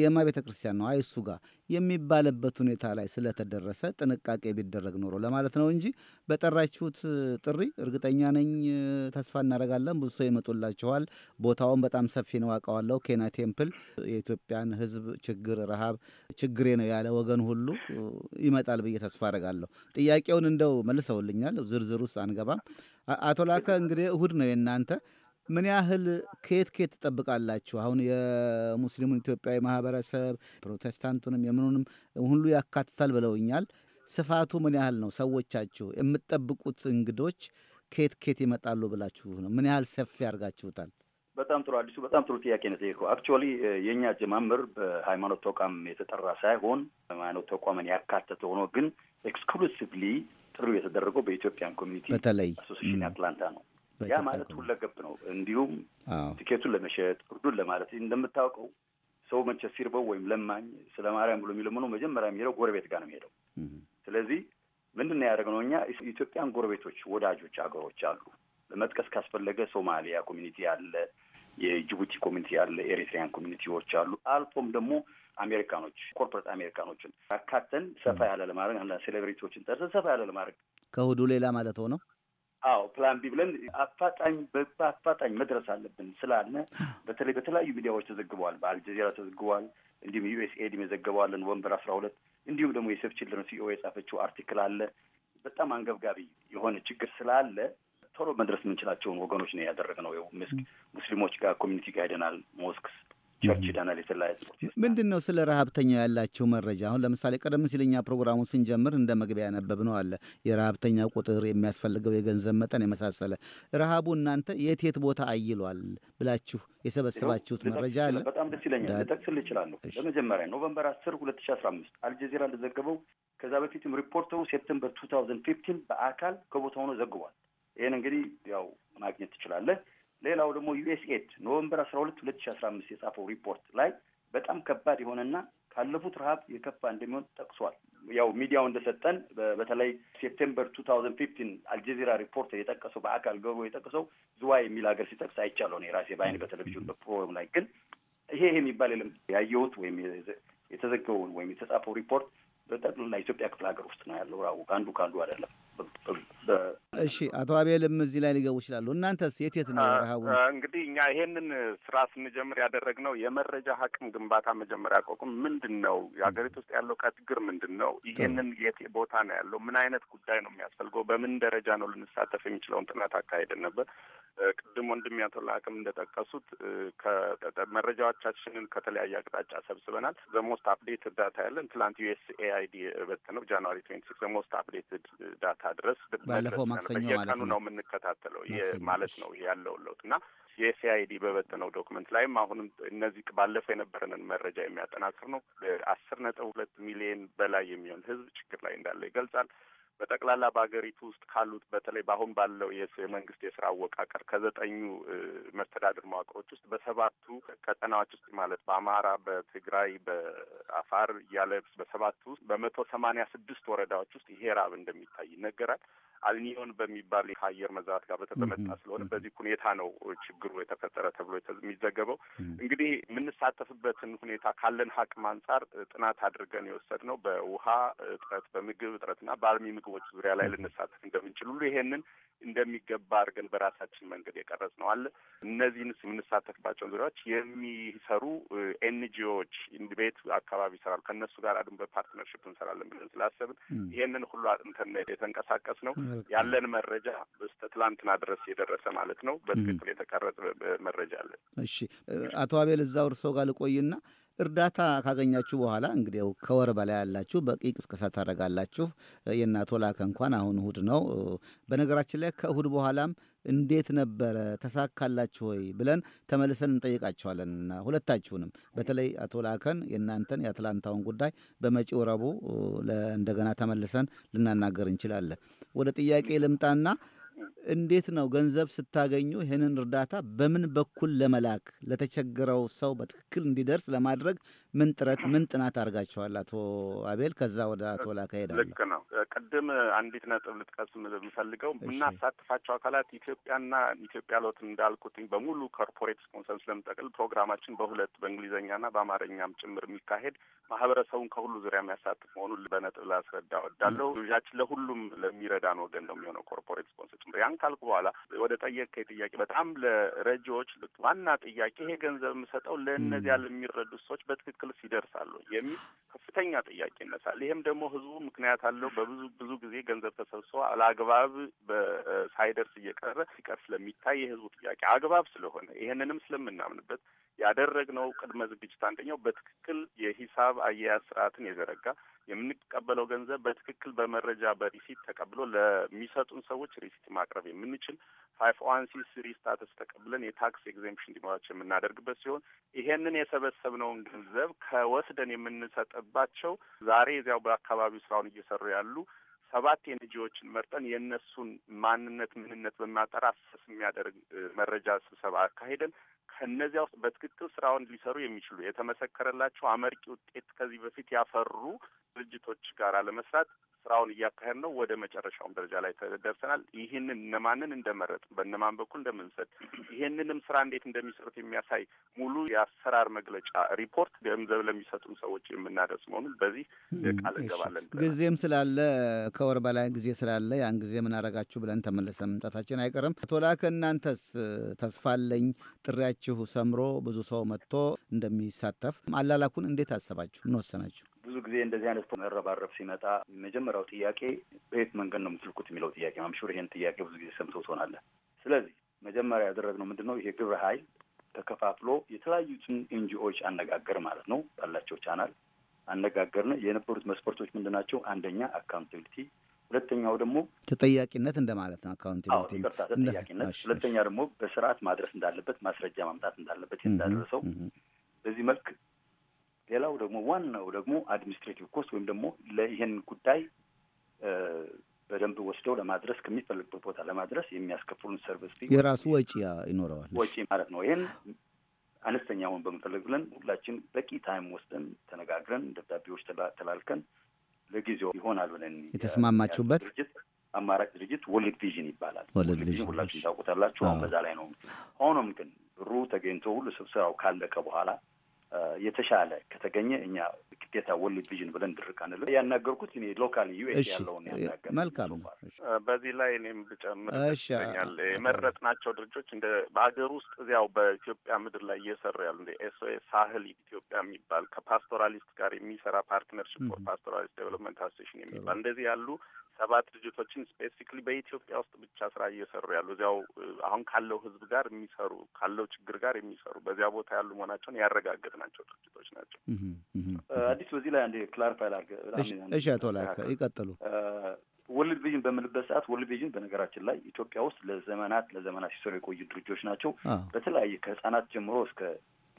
የማ ቤተ ክርስቲያን ነው አይሱ ጋር የሚባልበት ሁኔታ ላይ ስለተደረሰ ጥንቃቄ ቢደረግ ኖሮ ለማለት ነው እንጂ በጠራችሁት ጥሪ እርግጠኛ ነኝ ተስፋ እናደርጋለን። ብዙ ሰው ይመጡላችኋል። ቦታውን በጣም ሰፊ ነው አውቀዋለሁ። ኬና ቴምፕል የኢትዮጵያን ሕዝብ ችግር፣ ረሃብ ችግሬ ነው ያለ ወገን ሁሉ ይመጣል ብዬ ተስፋ አደርጋለሁ። ጥያቄውን እንደው መልሰውልኛል። ዝርዝር ውስጥ አንገባም። አቶ ላከ እንግዲህ እሁድ ነው የእናንተ ምን ያህል ከየት ከየት ትጠብቃላችሁ? አሁን የሙስሊሙን ኢትዮጵያዊ ማህበረሰብ ፕሮቴስታንቱንም የምኑንም ሁሉ ያካትታል ብለውኛል። ስፋቱ ምን ያህል ነው? ሰዎቻችሁ የምትጠብቁት እንግዶች ከየት ከየት ይመጣሉ ብላችሁ ነው? ምን ያህል ሰፊ አድርጋችሁታል? በጣም ጥሩ አዲሱ፣ በጣም ጥሩ ጥያቄ ነው ጠየቀው። አክቹዋሊ የእኛ ጀማምር በሃይማኖት ተቋም የተጠራ ሳይሆን ሃይማኖት ተቋምን ያካተተ ሆኖ ግን ኤክስክሉሲቭሊ ጥሪ የተደረገው በኢትዮጵያን ኮሚኒቲ በተለይ አሶሲሽን አትላንታ ነው። ያ ማለት ሁለገብ ነው። እንዲሁም ትኬቱን ለመሸጥ እርዱን ለማለት እንደምታውቀው ሰው መቼ ሲርበው ወይም ለማኝ ስለ ማርያም ብሎ የሚለምነው መጀመሪያ የሚሄደው ጎረቤት ጋር ነው የሚሄደው። ስለዚህ ምንድን ነው ያደረግነው እኛ ኢትዮጵያን ጎረቤቶች ወዳጆች አገሮች አሉ። ለመጥቀስ ካስፈለገ ሶማሊያ ኮሚኒቲ አለ፣ የጅቡቲ ኮሚኒቲ አለ፣ ኤሪትሪያን ኮሚኒቲዎች አሉ። አልፎም ደግሞ አሜሪካኖች ኮርፖሬት አሜሪካኖችን አካተን ሰፋ ያለ ለማድረግ አንዳንድ ሴሌብሪቲዎችን ጠርሰን ሰፋ ያለ ለማድረግ ከእሁዱ ሌላ ማለት ሆነው አዎ ፕላን ቢ ብለን አፋጣኝ በአፋጣኝ መድረስ አለብን ስላለ በተለይ በተለያዩ ሚዲያዎች ተዘግበዋል። በአልጀዚራ ተዘግበዋል። እንዲሁም ዩኤስኤድም የዘገበዋለን ወንበር አስራ ሁለት እንዲሁም ደግሞ የሴፍ ችልድረን ሲኦ የጻፈችው አርቲክል አለ። በጣም አንገብጋቢ የሆነ ችግር ስላለ ቶሎ መድረስ የምንችላቸውን ወገኖች ነው ያደረግነው። ምስክ ሙስሊሞች ጋር ኮሚኒቲ ጋር ሄደናል። ሞስክስ ቸርች ሂደናል። የተለያየ ትምህርት ምንድን ነው ስለ ረሀብተኛው ያላቸው መረጃ? አሁን ለምሳሌ ቀደም ሲል እኛ ፕሮግራሙን ስንጀምር እንደ መግቢያ ያነበብ ነው አለ የረሀብተኛ ቁጥር፣ የሚያስፈልገው የገንዘብ መጠን የመሳሰለ ረሀቡ እናንተ የት የት ቦታ አይሏል ብላችሁ የሰበሰባችሁት መረጃ አለ? በጣም ደስ ይለኛል። ልጠቅስል እችላለሁ። ለመጀመሪያ ኖቨምበር አስር ሁለት ሺ አስራ አምስት አልጀዚራ እንደዘገበው ከዛ በፊትም ሪፖርተሩ ሴፕተምበር ቱ ታውዘንድ ፊፍቲን በአካል ከቦታ ሆኖ ዘግቧል። ይህን እንግዲህ ያው ማግኘት ትችላለህ። ሌላው ደግሞ ዩኤስኤድ ኖቨምበር አስራ ሁለት ሁለት ሺ አስራ አምስት የጻፈው ሪፖርት ላይ በጣም ከባድ የሆነና ካለፉት ረሀብ የከፋ እንደሚሆን ጠቅሷል። ያው ሚዲያው እንደሰጠን በተለይ ሴፕቴምበር ቱ ታውዘንድ ፊፍቲን አልጀዚራ ሪፖርተር የጠቀሰው በአካል ገብሮ የጠቀሰው ዝዋ የሚል ሀገር ሲጠቅስ አይቻለሁ ነው የራሴ በአይን በቴሌቪዥን በፕሮግራም ላይ ግን ይሄ ይሄ የሚባል የለም። ያየሁት ወይም የተዘገበውን ወይም የተጻፈው ሪፖርት በጠቅላላ ኢትዮጵያ ክፍለ ሀገር ውስጥ ነው ያለው። ራቡ ከአንዱ ከአንዱ አይደለም። እሺ አቶ አቤልም እዚህ ላይ ሊገቡ ይችላሉ። እናንተስ የት የት ነው ረሃቡ? እንግዲህ እኛ ይሄንን ስራ ስንጀምር ያደረግነው የመረጃ አቅም ግንባታ መጀመሪያ ቆቁም ምንድን ነው የሀገሪቱ ውስጥ ያለው ከችግር ምንድን ነው፣ ይሄንን የት ቦታ ነው ያለው፣ ምን አይነት ጉዳይ ነው የሚያስፈልገው፣ በምን ደረጃ ነው ልንሳተፍ የሚችለውን ጥናት አካሄደን ነበር። ቅድም ወንድም ያቶ ለአቅም እንደጠቀሱት መረጃዎቻችንን ከተለያየ አቅጣጫ ሰብስበናል። ዘሞስት አፕዴት ዳታ ያለን ትላንት ዩኤስኤአይዲ በት ነው ጃንዋሪ ትዌንቲ ሲክስ ዘሞስት አፕዴትድ ዳታ ድረስ ባለፈው ማክሰኞ ማለት ነው የምንከታተለው ማለት ነው ያለው ለውጥ እና የሲአይዲ በበተነው ዶክመንት ላይም አሁንም እነዚህ ባለፈ የነበረንን መረጃ የሚያጠናክር ነው። አስር ነጥብ ሁለት ሚሊዮን በላይ የሚሆን ህዝብ ችግር ላይ እንዳለ ይገልጻል። በጠቅላላ በሀገሪቱ ውስጥ ካሉት በተለይ በአሁን ባለው የመንግስት የስራ አወቃቀር ከዘጠኙ መስተዳድር መዋቅሮች ውስጥ በሰባቱ ቀጠናዎች ውስጥ ማለት በአማራ፣ በትግራይ፣ በአፋር እያለ በሰባቱ ውስጥ በመቶ ሰማኒያ ስድስት ወረዳዎች ውስጥ ይሄ ራብ እንደሚታይ ይነገራል። አልኒዮን በሚባል ከአየር መዛባት ጋር በተመጣ ስለሆነ በዚህ ሁኔታ ነው ችግሩ የተፈጠረ ተብሎ የሚዘገበው። እንግዲህ የምንሳተፍበትን ሁኔታ ካለን አቅም አንጻር ጥናት አድርገን የወሰድነው በውሃ እጥረት፣ በምግብ እጥረትና በአልሚ ምግቦች ዙሪያ ላይ ልንሳተፍ እንደምንችል ሁሉ ይሄንን እንደሚገባ አድርገን በራሳችን መንገድ የቀረጽ ነው አለ። እነዚህን የምንሳተፍባቸውን ዙሪያዎች የሚሰሩ ኤንጂዎች ቤት አካባቢ ይሰራሉ። ከእነሱ ጋር አድም በፓርትነርሽፕ እንሰራለን ብለን ስላሰብን ይሄንን ሁሉ አጥንተን የተንቀሳቀስ ነው። ያለን መረጃ በስተ ትላንትና ድረስ የደረሰ ማለት ነው። በትክክል የተቀረጸ መረጃ አለን። እሺ፣ አቶ አቤል እዛው እርሶ ጋር ልቆይና እርዳታ ካገኛችሁ በኋላ እንግዲው ከወር በላይ ያላችሁ በቂ ቅስቀሳ ታደርጋላችሁ። የእናቶ ላከ እንኳን አሁን እሁድ ነው። በነገራችን ላይ ከእሁድ በኋላም እንዴት ነበረ ተሳካላችሁ ወይ ብለን ተመልሰን እንጠይቃቸዋለን እና ሁለታችሁንም በተለይ አቶ ላከን የእናንተን የአትላንታውን ጉዳይ በመጪው ረቡዕ እንደገና ተመልሰን ልናናገር እንችላለን። ወደ ጥያቄ ልምጣና እንዴት ነው ገንዘብ ስታገኙ ይህንን እርዳታ በምን በኩል ለመላክ ለተቸገረው ሰው በትክክል እንዲደርስ ለማድረግ ምን ጥረት ምን ጥናት አድርጋችኋል? አቶ አቤል፣ ከዛ ወደ አቶ ላካ ሄዳለሁ። ልክ ነው። ቅድም አንዲት ነጥብ ልጥቀስ የምፈልገው የምናሳትፋቸው አካላት ኢትዮጵያና ኢትዮጵያ ሎት እንዳልኩት በሙሉ ኮርፖሬት ስፖንሰር ለምጠቅል ፕሮግራማችን በሁለት በእንግሊዝኛና በአማርኛም ጭምር የሚካሄድ ማህበረሰቡን ከሁሉ ዙሪያ የሚያሳትፍ መሆኑን በነጥብ ላስረዳ ወዳለው ልጃችን ለሁሉም ለሚረዳን ወገን ነው የሚሆነው ኮርፖሬት ስፖንሰር ያን ካልኩ በኋላ ወደ ጠየቅከኝ ጥያቄ በጣም ለረጂዎች ዋና ጥያቄ ይሄ ገንዘብ የምሰጠው ለእነዚያ ለሚረዱ ሰዎች በትክክል ሲደርሳሉ የሚል ከፍተኛ ጥያቄ ይነሳል። ይህም ደግሞ ህዝቡ ምክንያት አለው። በብዙ ብዙ ጊዜ ገንዘብ ተሰብስቦ አግባብ ሳይደርስ እየቀረ ሲቀር ስለሚታይ የህዝቡ ጥያቄ አግባብ ስለሆነ ይህንንም ስለምናምንበት ያደረግነው ቅድመ ዝግጅት አንደኛው በትክክል የሂሳብ አያያዝ ስርዓትን የዘረጋ የምንቀበለው ገንዘብ በትክክል በመረጃ በሪሲት ተቀብሎ ለሚሰጡን ሰዎች ሪሲት ማቅረብ የምንችል ፋይፍ ዋን ሲ ስሪ ስታተስ ተቀብለን የታክስ ኤግዜምፕሽን እንዲኖራቸው የምናደርግበት ሲሆን ይሄንን የሰበሰብነውን ገንዘብ ከወስደን የምንሰጥባቸው ዛሬ እዚያው በአካባቢው ስራውን እየሰሩ ያሉ ሰባት ኤንጂዎችን መርጠን የእነሱን ማንነት ምንነት በሚያጠራ ስስ የሚያደርግ መረጃ ስብሰባ አካሄደን ከእነዚያ ውስጥ በትክክል ስራውን ሊሰሩ የሚችሉ የተመሰከረላቸው አመርቂ ውጤት ከዚህ በፊት ያፈሩ ድርጅቶች ጋር ለመስራት ስራውን እያካሄድ ነው። ወደ መጨረሻውም ደረጃ ላይ ደርሰናል። ይህንን እነማንን እንደመረጥ፣ በእነማን በኩል እንደምንሰጥ፣ ይህንንም ስራ እንዴት እንደሚሰሩት የሚያሳይ ሙሉ የአሰራር መግለጫ ሪፖርት ገንዘብ ለሚሰጡን ሰዎች የምናደርስ መሆኑን በዚህ ቃል እንገባለን። ጊዜም ስላለ ከወር በላይ ጊዜ ስላለ ያን ጊዜ ምን አረጋችሁ ብለን ተመለሰ መምጣታችን አይቀርም። አቶ ላከ እናንተስ ጥሪያችሁ ሰምሮ ብዙ ሰው መጥቶ እንደሚሳተፍ አላላኩን እንዴት አሰባችሁ? ምን ወሰናችሁ? ብዙ ጊዜ እንደዚህ አይነት መረባረብ ሲመጣ መጀመሪያው ጥያቄ በየት መንገድ ነው የምትልኩት የሚለው ጥያቄ ማምሹር ይሄን ጥያቄ ብዙ ጊዜ ሰምተው ትሆናለህ። ስለዚህ መጀመሪያ ያደረግነው ምንድን ነው ይሄ ግብረ ኃይል ተከፋፍሎ የተለያዩትን ኤንጂኦዎች አነጋገር ማለት ነው ባላቸው ቻናል አነጋገርን። የነበሩት መስፈርቶች ምንድን ናቸው? አንደኛ አካውንታቢሊቲ፣ ሁለተኛው ደግሞ ተጠያቂነት እንደማለት ነው። አካውንታቢሊቲ ተጠያቂነት፣ ሁለተኛ ደግሞ በስርዓት ማድረስ እንዳለበት ማስረጃ ማምጣት እንዳለበት እንዳደረሰው በዚህ መልክ ሌላው ደግሞ ዋናው ደግሞ አድሚኒስትሬቲቭ ኮስት ወይም ደግሞ ለይህን ጉዳይ በደንብ ወስደው ለማድረስ ከሚፈልግበት ቦታ ለማድረስ የሚያስከፍሉን ሰርቪስ የራሱ ወጪ ይኖረዋል ወጪ ማለት ነው። ይህን ሆን በምንፈልግ ብለን ሁላችን በቂ ታይም ወስደን ተነጋግረን ደብዳቤዎች ተላልከን ለጊዜው ይሆናል ብለን የተስማማችሁበት ድርጅት አማራጭ ድርጅት ወልድ ቪዥን ይባላል። ወልድ ቪዥን ሁላችን ታውቁታላችሁ። አሁን በዛ ላይ ነው። ሆኖም ግን ብሩ ተገኝቶ ሁሉ ስብሰባው ካለቀ በኋላ የተሻለ ከተገኘ እኛ ግዴታ ወርልድ ቪዥን ብለን ድርቅ አንለ ያናገርኩት እኔ ሎካል ዩኤስ ያለውን ያናገር መልካም በዚህ ላይ እኔም ልጨምር የመረጥ ናቸው ድርጆች እንደ በአገር ውስጥ እዚያው በኢትዮጵያ ምድር ላይ እየሰሩ ያሉ እንደ ኤስኦኤስ ሳህል ኢትዮጵያ የሚባል ከፓስቶራሊስት ጋር የሚሰራ ፓርትነርሽፕ ፎር ፓስቶራሊስት ዴቨሎፕመንት አሶሴሽን የሚባል እንደዚህ ያሉ ሰባት ድርጅቶችን ስፔሲፊክሊ በኢትዮጵያ ውስጥ ብቻ ስራ እየሰሩ ያሉ እዚያው አሁን ካለው ህዝብ ጋር የሚሰሩ ካለው ችግር ጋር የሚሰሩ በዚያ ቦታ ያሉ መሆናቸውን ያረጋግጥ ናቸው ድርጅቶች ናቸው። አዲስ በዚህ ላይ አንዴ ክላሪፋይ ላርግ። እሺ፣ አቶ ላከ ይቀጥሉ። ወርልድ ቪዥን በምልበት ሰዓት ወርልድ ቪዥን በነገራችን ላይ ኢትዮጵያ ውስጥ ለዘመናት ለዘመናት ሲሰሩ የቆዩ ድርጅቶች ናቸው። በተለያየ ከህጻናት ጀምሮ እስከ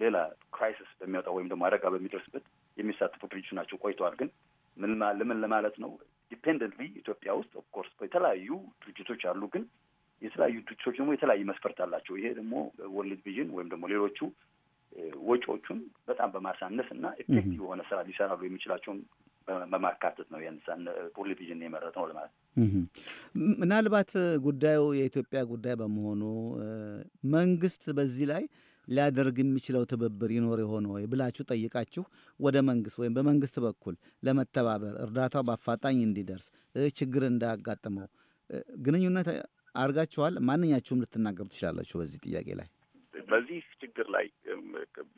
ሌላ ክራይሲስ በሚያወጣ ወይም ደግሞ አደጋ በሚደርስበት የሚሳተፉ ድርጅቶች ናቸው። ቆይተዋል። ግን ምን ለምን ለማለት ነው ኢንዲፔንደንትሊ ኢትዮጵያ ውስጥ ኦፍኮርስ የተለያዩ ድርጅቶች አሉ። ግን የተለያዩ ድርጅቶች ደግሞ የተለያዩ መስፈርት አላቸው። ይሄ ደግሞ ወርልድ ቪዥን ወይም ደግሞ ሌሎቹ ወጪዎቹን በጣም በማሳነስ እና ኤፌክቲቭ የሆነ ስራ ሊሰራሉ የሚችላቸውን በማካተት ነው ያንሳን ወርልድ ቪዥን የመረጥ ነው ለማለት ነው። ምናልባት ጉዳዩ የኢትዮጵያ ጉዳይ በመሆኑ መንግስት በዚህ ላይ ሊያደርግ የሚችለው ትብብር ይኖር የሆነ ወይ ብላችሁ ጠይቃችሁ ወደ መንግስት ወይም በመንግስት በኩል ለመተባበር እርዳታው በአፋጣኝ እንዲደርስ ችግር እንዳያጋጥመው ግንኙነት አድርጋችኋል? ማንኛችሁም ልትናገሩ ትችላላችሁ በዚህ ጥያቄ ላይ በዚህ ችግር ላይ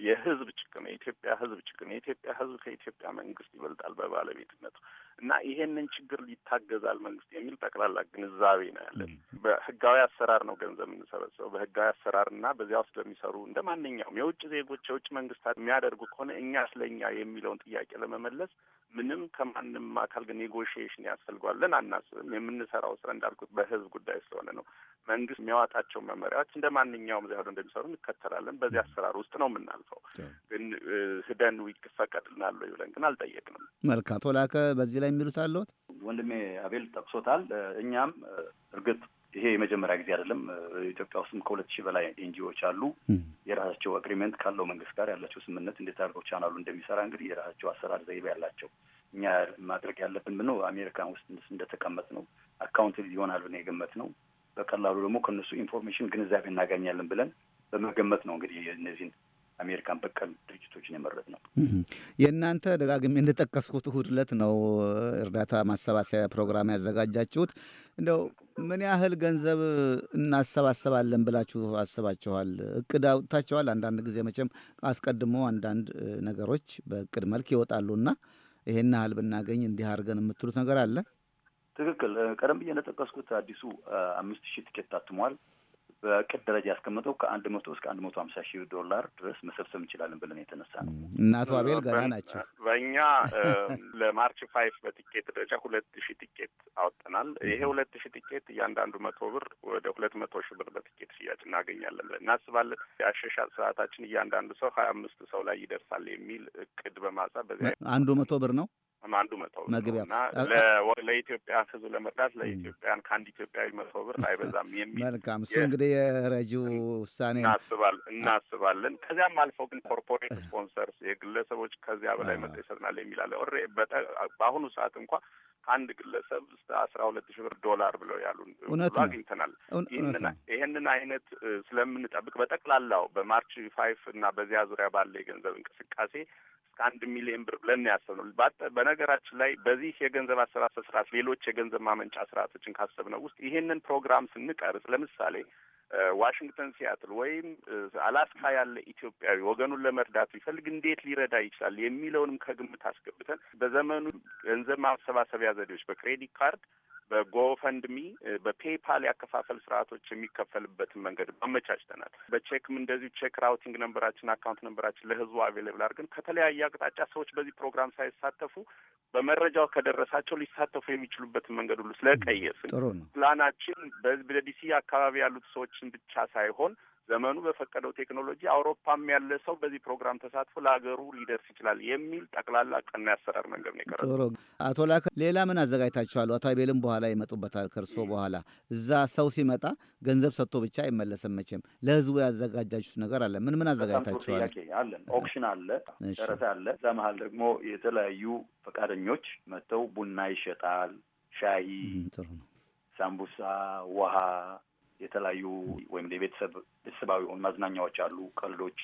የህዝብ ጭቅም የኢትዮጵያ ህዝብ ጭቅም የኢትዮጵያ ህዝብ ከኢትዮጵያ መንግስት ይበልጣል በባለቤትነቱ እና ይሄንን ችግር ይታገዛል መንግስት የሚል ጠቅላላ ግንዛቤ ነው ያለን። በህጋዊ አሰራር ነው ገንዘብ የምንሰበሰበው በህጋዊ አሰራር እና በዚያ ውስጥ ለሚሰሩ እንደ ማንኛውም የውጭ ዜጎች የውጭ መንግስታት የሚያደርጉ ከሆነ እኛ ስለኛ የሚለውን ጥያቄ ለመመለስ ምንም ከማንም አካል ግን ኔጎሽዬሽን ያስፈልገዋል ብለን አናስብም። የምንሰራው ስራ እንዳልኩት በህዝብ ጉዳይ ስለሆነ ነው። መንግስት የሚያወጣቸው መመሪያዎች እንደ ማንኛውም ዚያዶ እንደሚሰሩ እንከተላለን። በዚህ አሰራር ውስጥ ነው የምናልፈው። ግን ህደን ይፈቀድልናል ብለን ግን አልጠየቅንም። መልካም ቶላከ፣ በዚህ ላይ የሚሉት አለዎት? ወንድሜ አቤል ጠቅሶታል። እኛም እርግጥ ይሄ የመጀመሪያ ጊዜ አይደለም። ኢትዮጵያ ውስጥም ከሁለት ሺህ በላይ ኤንጂኦዎች አሉ። የራሳቸው አግሪመንት ካለው መንግስት ጋር ያላቸው ስምምነት እንዴት አድርገው ቻናሉ እንደሚሰራ እንግዲህ የራሳቸው አሰራር ዘይቤ ያላቸው እኛ ማድረግ ያለብን ምነው አሜሪካን ውስጥ እንደተቀመጥ ነው አካውንትብል ይሆናል ብን የገመት ነው። በቀላሉ ደግሞ ከእነሱ ኢንፎርሜሽን ግንዛቤ እናገኛለን ብለን በመገመት ነው እንግዲህ እነዚህን አሜሪካን በቀል ድርጅቶችን የመረጥ ነው። የእናንተ ደጋግሜ እንደጠቀስኩት እሁድ ዕለት ነው እርዳታ ማሰባሰቢያ ፕሮግራም ያዘጋጃችሁት። እንደው ምን ያህል ገንዘብ እናሰባሰባለን ብላችሁ አስባችኋል? እቅድ አውጥታችኋል? አንዳንድ ጊዜ መቼም አስቀድሞ አንዳንድ ነገሮች በእቅድ መልክ ይወጣሉና ይሄን ያህል ብናገኝ እንዲህ አድርገን የምትሉት ነገር አለ? ትክክል። ቀደም ብዬ እንደጠቀስኩት አዲሱ አምስት ሺህ ትኬት ታትሟል። በቅድ ደረጃ ያስቀምጠው ከአንድ መቶ እስከ አንድ መቶ ሀምሳ ሺህ ዶላር ድረስ መሰብሰብ እንችላለን ብለን የተነሳ ነው። እናቱ አቤል ገና ናቸው። በእኛ ለማርች ፋይፍ በቲኬት ደረጃ ሁለት ሺህ ቲኬት አወጥተናል። ይሄ ሁለት ሺህ ቲኬት እያንዳንዱ መቶ ብር ወደ ሁለት መቶ ሺህ ብር በቲኬት ሽያጭ እናገኛለን ብለን እናስባለን። የአሸሻል ስርዓታችን እያንዳንዱ ሰው ሀያ አምስት ሰው ላይ ይደርሳል የሚል እቅድ በማጻ በዚያ አንዱ መቶ ብር ነው ከተማ አንዱ መቶ መግቢያ ለኢትዮጵያ ህዝብ ለመርዳት ለኢትዮጵያን ከአንድ ኢትዮጵያዊ መቶ ብር አይበዛም የሚል መልካም እሱ እንግዲህ የረጂው ውሳኔ እናስባለን። ከዚያም አልፎ ግን ኮርፖሬት ስፖንሰርስ የግለሰቦች ከዚያ በላይ መጠ ይሰጥናል የሚላለ አለ። ኦሬ በአሁኑ ሰዓት እንኳ አንድ ግለሰብ እስከ አስራ ሁለት ሺህ ብር ዶላር ብለው ያሉ አግኝተናል። ይህንን አይነት ስለምንጠብቅ በጠቅላላው በማርች ፋይፍ እና በዚያ ዙሪያ ባለ የገንዘብ እንቅስቃሴ እስከ አንድ ሚሊዮን ብር ብለን ያሰብነው። በነገራችን ላይ በዚህ የገንዘብ አሰባሰብ ስርዓት ሌሎች የገንዘብ ማመንጫ ስርዓቶችን ካሰብነው ውስጥ ይሄንን ፕሮግራም ስንቀርጽ ለምሳሌ ዋሽንግተን ሲያትል ወይም አላስካ ያለ ኢትዮጵያዊ ወገኑን ለመርዳት ቢፈልግ እንዴት ሊረዳ ይችላል የሚለውንም ከግምት አስገብተን በዘመኑ ገንዘብ ማሰባሰቢያ ዘዴዎች በክሬዲት ካርድ በጎፈንድሚ በፔፓል ያከፋፈል ስርዓቶች የሚከፈልበትን መንገድ አመቻችተናል። በቼክም እንደዚሁ ቼክ ራውቲንግ ነንበራችን፣ አካውንት ነንበራችን ለህዝቡ አቬሌብል አድርገን ከተለያየ አቅጣጫ ሰዎች በዚህ ፕሮግራም ሳይሳተፉ በመረጃው ከደረሳቸው ሊሳተፉ የሚችሉበትን መንገድ ሁሉ ስለቀየስን ጥሩ ነው። ፕላናችን በዲሲ አካባቢ ያሉት ሰዎችን ብቻ ሳይሆን ዘመኑ በፈቀደው ቴክኖሎጂ አውሮፓም ያለ ሰው በዚህ ፕሮግራም ተሳትፎ ለሀገሩ ሊደርስ ይችላል የሚል ጠቅላላ ቀና ያሰራር መንገድ ነው ጥሩ አቶ ላከ፣ ሌላ ምን አዘጋጅታችኋል? አቶ አቤልም በኋላ ይመጡበታል። ከእርሶ በኋላ እዛ ሰው ሲመጣ ገንዘብ ሰጥቶ ብቻ አይመለስም መቼም። ለህዝቡ ያዘጋጃችሁት ነገር አለ? ምን ምን አዘጋጅታችኋል? አለን። ኦክሽን አለ፣ ጨረታ አለ። እዛ መሀል ደግሞ የተለያዩ ፈቃደኞች መጥተው ቡና ይሸጣል፣ ሻይ፣ ሳምቡሳ፣ ውሃ የተለያዩ ወይም የቤተሰብ ቤተሰባዊ ማዝናኛዎች አሉ። ቀልዶች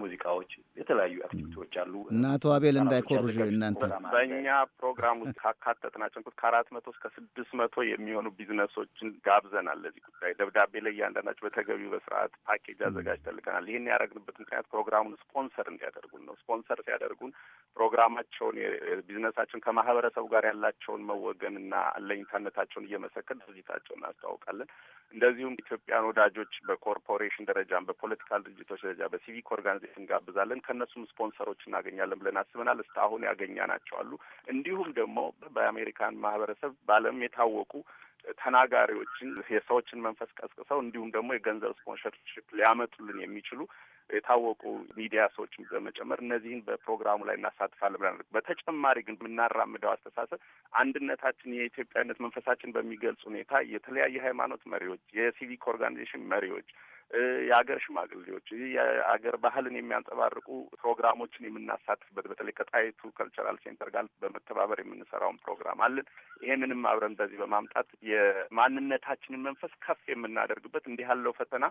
ሙዚቃዎች፣ የተለያዩ አክቲቪቲዎች አሉ እና አቶ አቤል እንዳይኮርዥ እናንተ በእኛ ፕሮግራም ውስጥ ካካተጥናቸው ከአራት መቶ እስከ ስድስት መቶ የሚሆኑ ቢዝነሶችን ጋብዘናል። ለዚህ ጉዳይ ደብዳቤ ላይ እያንዳንዳቸው በተገቢው በስርዓት ፓኬጅ አዘጋጅተን ልከናል። ይህን ያደረግንበት ምክንያት ፕሮግራሙን ስፖንሰር እንዲያደርጉን ነው። ስፖንሰር ሲያደርጉን ፕሮግራማቸውን፣ ቢዝነሳቸውን ከማህበረሰቡ ጋር ያላቸውን መወገንና አለኝታነታቸውን እየመሰከል ድርጅታቸውን እናስተዋውቃለን። እንደዚሁም ኢትዮጵያን ወዳጆች በኮርፖሬሽን ደረጃ በፖለቲካል ድርጅቶች ደረጃ በሲቪክ ኦርጋናይዜሽን እንጋብዛለን። ከእነሱም ስፖንሰሮች እናገኛለን ብለን አስበናል። እስካሁን ያገኘናቸው አሉ። እንዲሁም ደግሞ በአሜሪካን ማህበረሰብ በዓለም የታወቁ ተናጋሪዎችን የሰዎችን መንፈስ ቀስቅሰው እንዲሁም ደግሞ የገንዘብ ስፖንሰርሽፕ ሊያመጡልን የሚችሉ የታወቁ ሚዲያ ሰዎችን በመጨመር እነዚህን በፕሮግራሙ ላይ እናሳትፋለን ብለ በተጨማሪ ግን የምናራምደው አስተሳሰብ አንድነታችን፣ የኢትዮጵያነት መንፈሳችን በሚገልጽ ሁኔታ የተለያየ ሃይማኖት መሪዎች፣ የሲቪክ ኦርጋናይዜሽን መሪዎች የአገር ሽማግሌዎች፣ የአገር ባህልን የሚያንጸባርቁ ፕሮግራሞችን የምናሳትፍበት በተለይ ከጣይቱ ከልቸራል ሴንተር ጋር በመተባበር የምንሰራውን ፕሮግራም አለን። ይህንንም አብረን በዚህ በማምጣት የማንነታችንን መንፈስ ከፍ የምናደርግበት እንዲህ ያለው ፈተና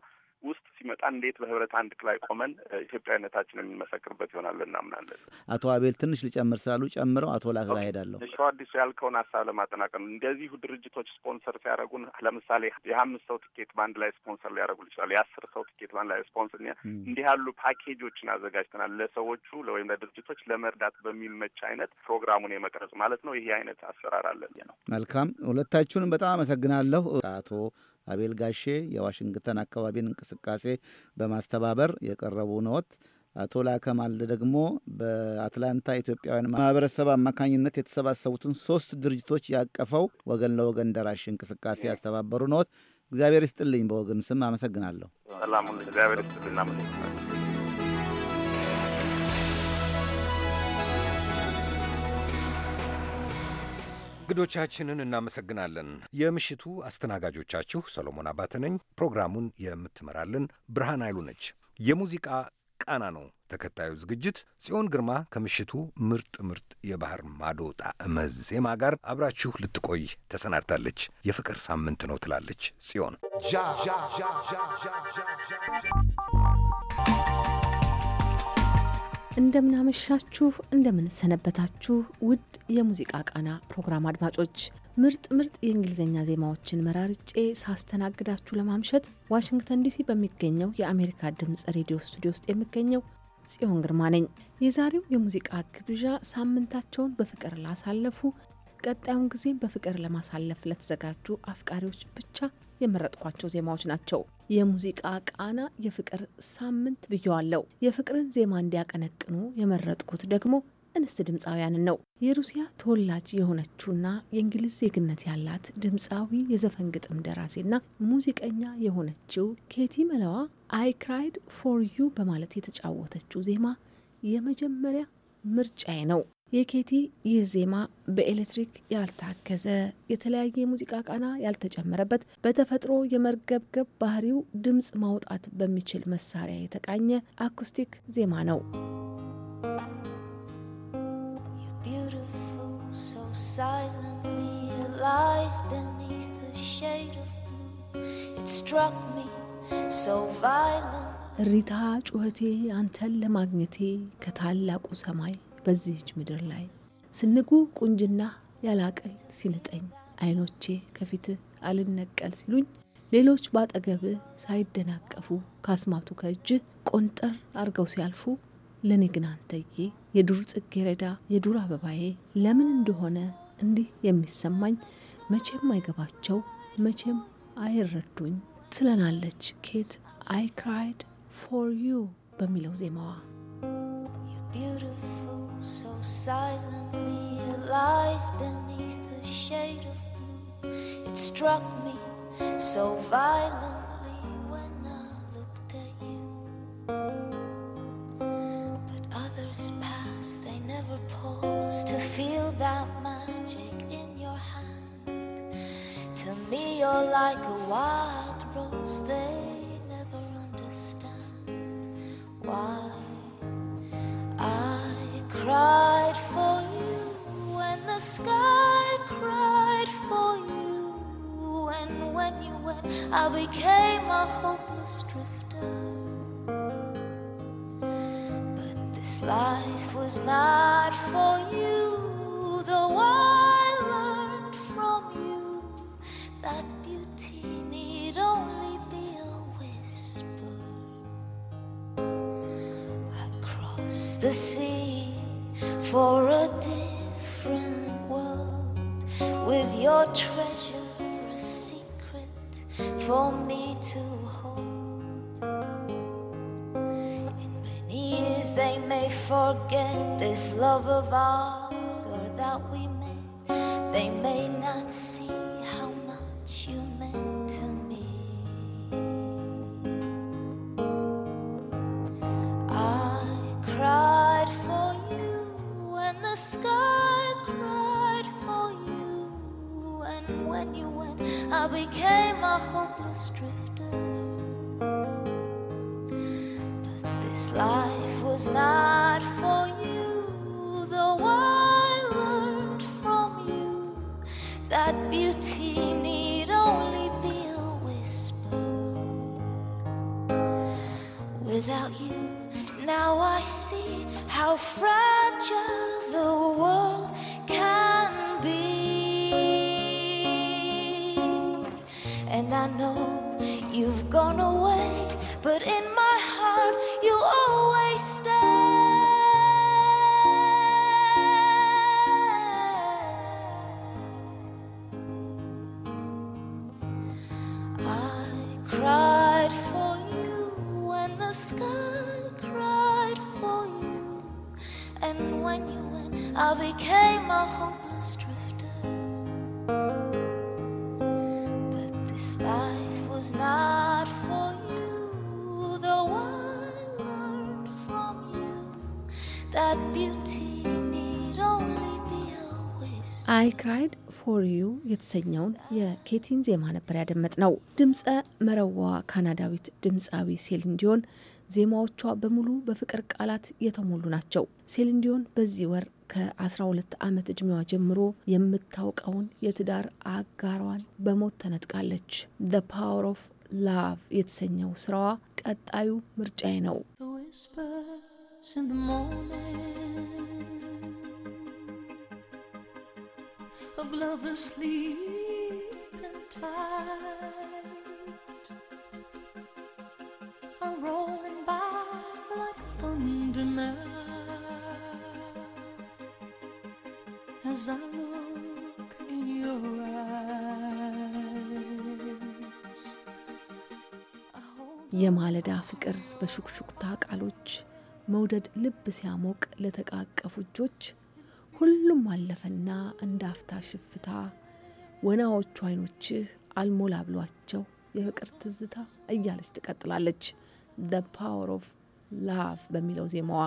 ውስጥ ሲመጣ እንዴት በህብረት አንድ ላይ ቆመን ኢትዮጵያዊነታችንን የምንመሰክርበት ይሆናል እናምናለን። አቶ አቤል ትንሽ ልጨምር ስላሉ ጨምረው አቶ ላክ ላ ሄዳለሁ። እሺ አዲሱ ያልከውን ሀሳብ ለማጠናቀር እንደዚሁ ድርጅቶች ስፖንሰር ሲያደረጉን ለምሳሌ የአምስት ሰው ትኬት በአንድ ላይ ስፖንሰር ሊያደረጉ ይችላሉ። የአስር ሰው ትኬት ላይ ስፖንስ እንዲህ ያሉ ፓኬጆችን አዘጋጅተናል ለሰዎቹ ወይም ለድርጅቶች ለመርዳት በሚመች አይነት ፕሮግራሙን የመቅረጽ ማለት ነው። ይህ አይነት አሰራር አለ ነው። መልካም ሁለታችሁንም በጣም አመሰግናለሁ። አቶ አቤል ጋሼ የዋሽንግተን አካባቢን እንቅስቃሴ በማስተባበር የቀረቡ ነዎት። አቶ ላከ ማልደ ደግሞ በአትላንታ ኢትዮጵያውያን ማህበረሰብ አማካኝነት የተሰባሰቡትን ሶስት ድርጅቶች ያቀፈው ወገን ለወገን ደራሽ እንቅስቃሴ ያስተባበሩ ነዎት። እግዚአብሔር ይስጥልኝ። በወገን ስም አመሰግናለሁ። ሰላም እግዚአብሔር ይስጥልኝ። እንግዶቻችንን እናመሰግናለን። የምሽቱ አስተናጋጆቻችሁ ሰሎሞን አባተ ነኝ። ፕሮግራሙን የምትመራልን ብርሃን ኃይሉ ነች። የሙዚቃ ቃና ነው። ተከታዩ ዝግጅት ጽዮን ግርማ ከምሽቱ ምርጥ ምርጥ የባህር ማዶ ጣዕመ ዜማ ጋር አብራችሁ ልትቆይ ተሰናድታለች። የፍቅር ሳምንት ነው ትላለች ጽዮን። እንደምናመሻችሁ እንደምንሰነበታችሁ ውድ የሙዚቃ ቃና ፕሮግራም አድማጮች ምርጥ ምርጥ የእንግሊዝኛ ዜማዎችን መራርጬ ሳስተናግዳችሁ ለማምሸት ዋሽንግተን ዲሲ በሚገኘው የአሜሪካ ድምፅ ሬዲዮ ስቱዲዮ ውስጥ የሚገኘው ጽዮን ግርማ ነኝ። የዛሬው የሙዚቃ ግብዣ ሳምንታቸውን በፍቅር ላሳለፉ ቀጣዩን ጊዜም በፍቅር ለማሳለፍ ለተዘጋጁ አፍቃሪዎች ብቻ የመረጥኳቸው ዜማዎች ናቸው። የሙዚቃ ቃና የፍቅር ሳምንት ብየዋለሁ። የፍቅርን ዜማ እንዲያቀነቅኑ የመረጥኩት ደግሞ እንስት ድምፃውያንን ነው። የሩሲያ ተወላጅ የሆነችውና የእንግሊዝ ዜግነት ያላት ድምፃዊ የዘፈን ግጥም ደራሲና ሙዚቀኛ የሆነችው ኬቲ መለዋ አይ ክራይድ ፎር ዩ በማለት የተጫወተችው ዜማ የመጀመሪያ ምርጫዬ ነው። የኬቲ ይህ ዜማ በኤሌክትሪክ ያልታገዘ የተለያየ የሙዚቃ ቃና ያልተጨመረበት በተፈጥሮ የመርገብገብ ባህሪው ድምፅ ማውጣት በሚችል መሳሪያ የተቃኘ አኩስቲክ ዜማ ነው። ሪታ ጩኸቴ አንተን ለማግኘቴ ከታላቁ ሰማይ በዚህች ምድር ላይ ስንጉ ቁንጅና ያላቀኝ ሲንጠኝ አይኖቼ ከፊት አልነቀል ሲሉኝ ሌሎች ባጠገብህ ሳይደናቀፉ ካስማቱ ከእጅ ቆንጠር አርገው ሲያልፉ ለእኔ ግን አንተዬ የዱር ጽጌረዳ የዱር አበባዬ ለምን እንደሆነ እንዲህ የሚሰማኝ መቼም አይገባቸው መቼም አይረዱኝ ትለናለች ኬት አይ ክራይድ ፎር ዩ በሚለው ዜማዋ silently it lies beneath a shade of blue. It struck me so violently when I looked at you. But others pass, they never pause to feel that magic in your hand. To me, you're like a wild rose, they never understand why I cry the sky cried for you. And when you went, I became a hopeless drifter. But this life was not for you, though I learned from you that beauty need only be a whisper. I crossed the sea for a different with your treasure, a secret for me to hold. In many years, they may forget this love of ours or that we made. They may not see how much you meant to me. I cried for you when the sky. when you went, I became a hopeless drifter. But this life was not for you, though I learned from you that beauty need only be a whisper. Without you, now I see how fragile the world. I know you've gone away, but in ክራይድ ፎር ዩ የተሰኘውን የኬቲን ዜማ ነበር ያደመጥ ነው። ድምፀ መረዋ ካናዳዊት ድምፃዊ ሴሊን ዲዮን ዜማዎቿ በሙሉ በፍቅር ቃላት የተሞሉ ናቸው። ሴሊን ዲዮን በዚህ ወር ከ12 ዓመት ዕድሜዋ ጀምሮ የምታውቀውን የትዳር አጋሯን በሞት ተነጥቃለች። ዘ ፓወር ኦፍ ላቭ የተሰኘው ስራዋ ቀጣዩ ምርጫዬ ነው። of love asleep and tight are rolling by like thunder now as I look in your eyes. የማለዳ ፍቅር በሹክሹክታ ቃሎች መውደድ ልብ ሲያሞቅ ለተቃቀፉ እጆች ሁሉም አለፈና እንደ አፍታ ሽፍታ ወናዎቹ አይኖችህ አልሞላ ብሏቸው የፍቅር ትዝታ እያለች ትቀጥላለች። ዘ ፓወር ኦፍ ላቭ በሚለው ዜማዋ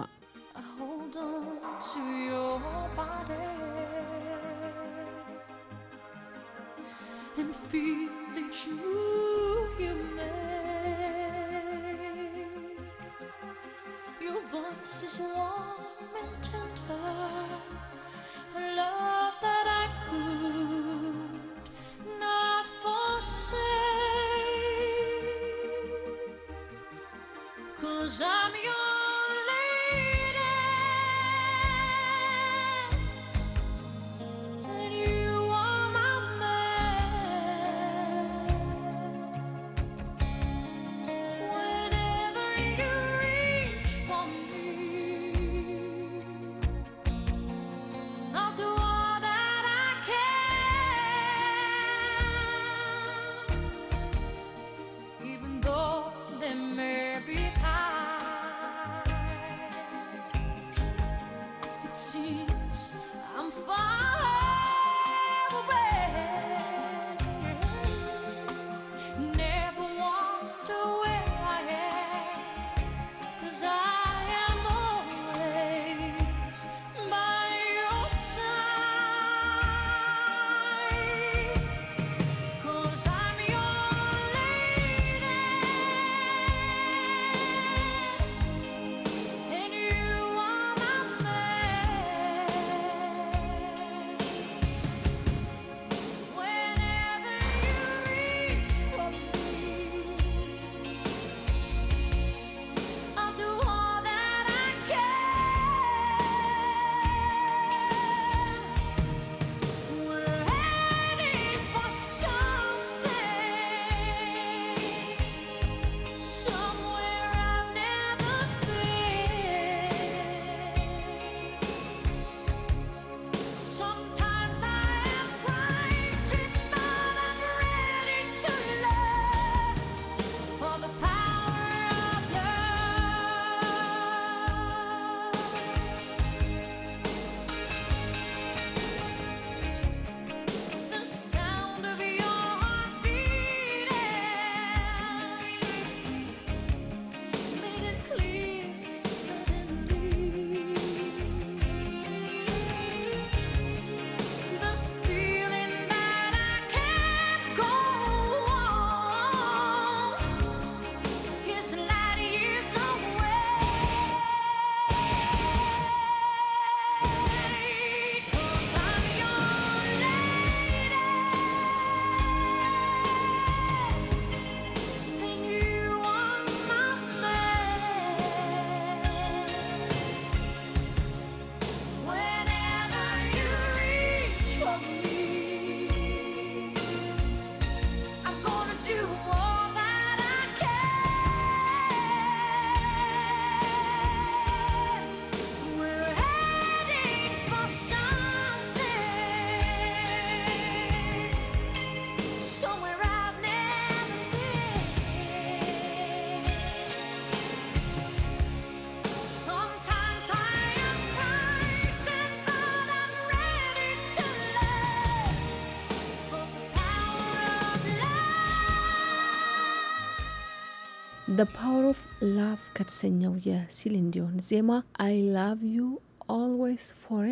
ዘ ፓወር ኦፍ ላቭ ከተሰኘው የሲሊን ዲዮን ዜማ አይ ላቭ ዩ ኦልዌይስ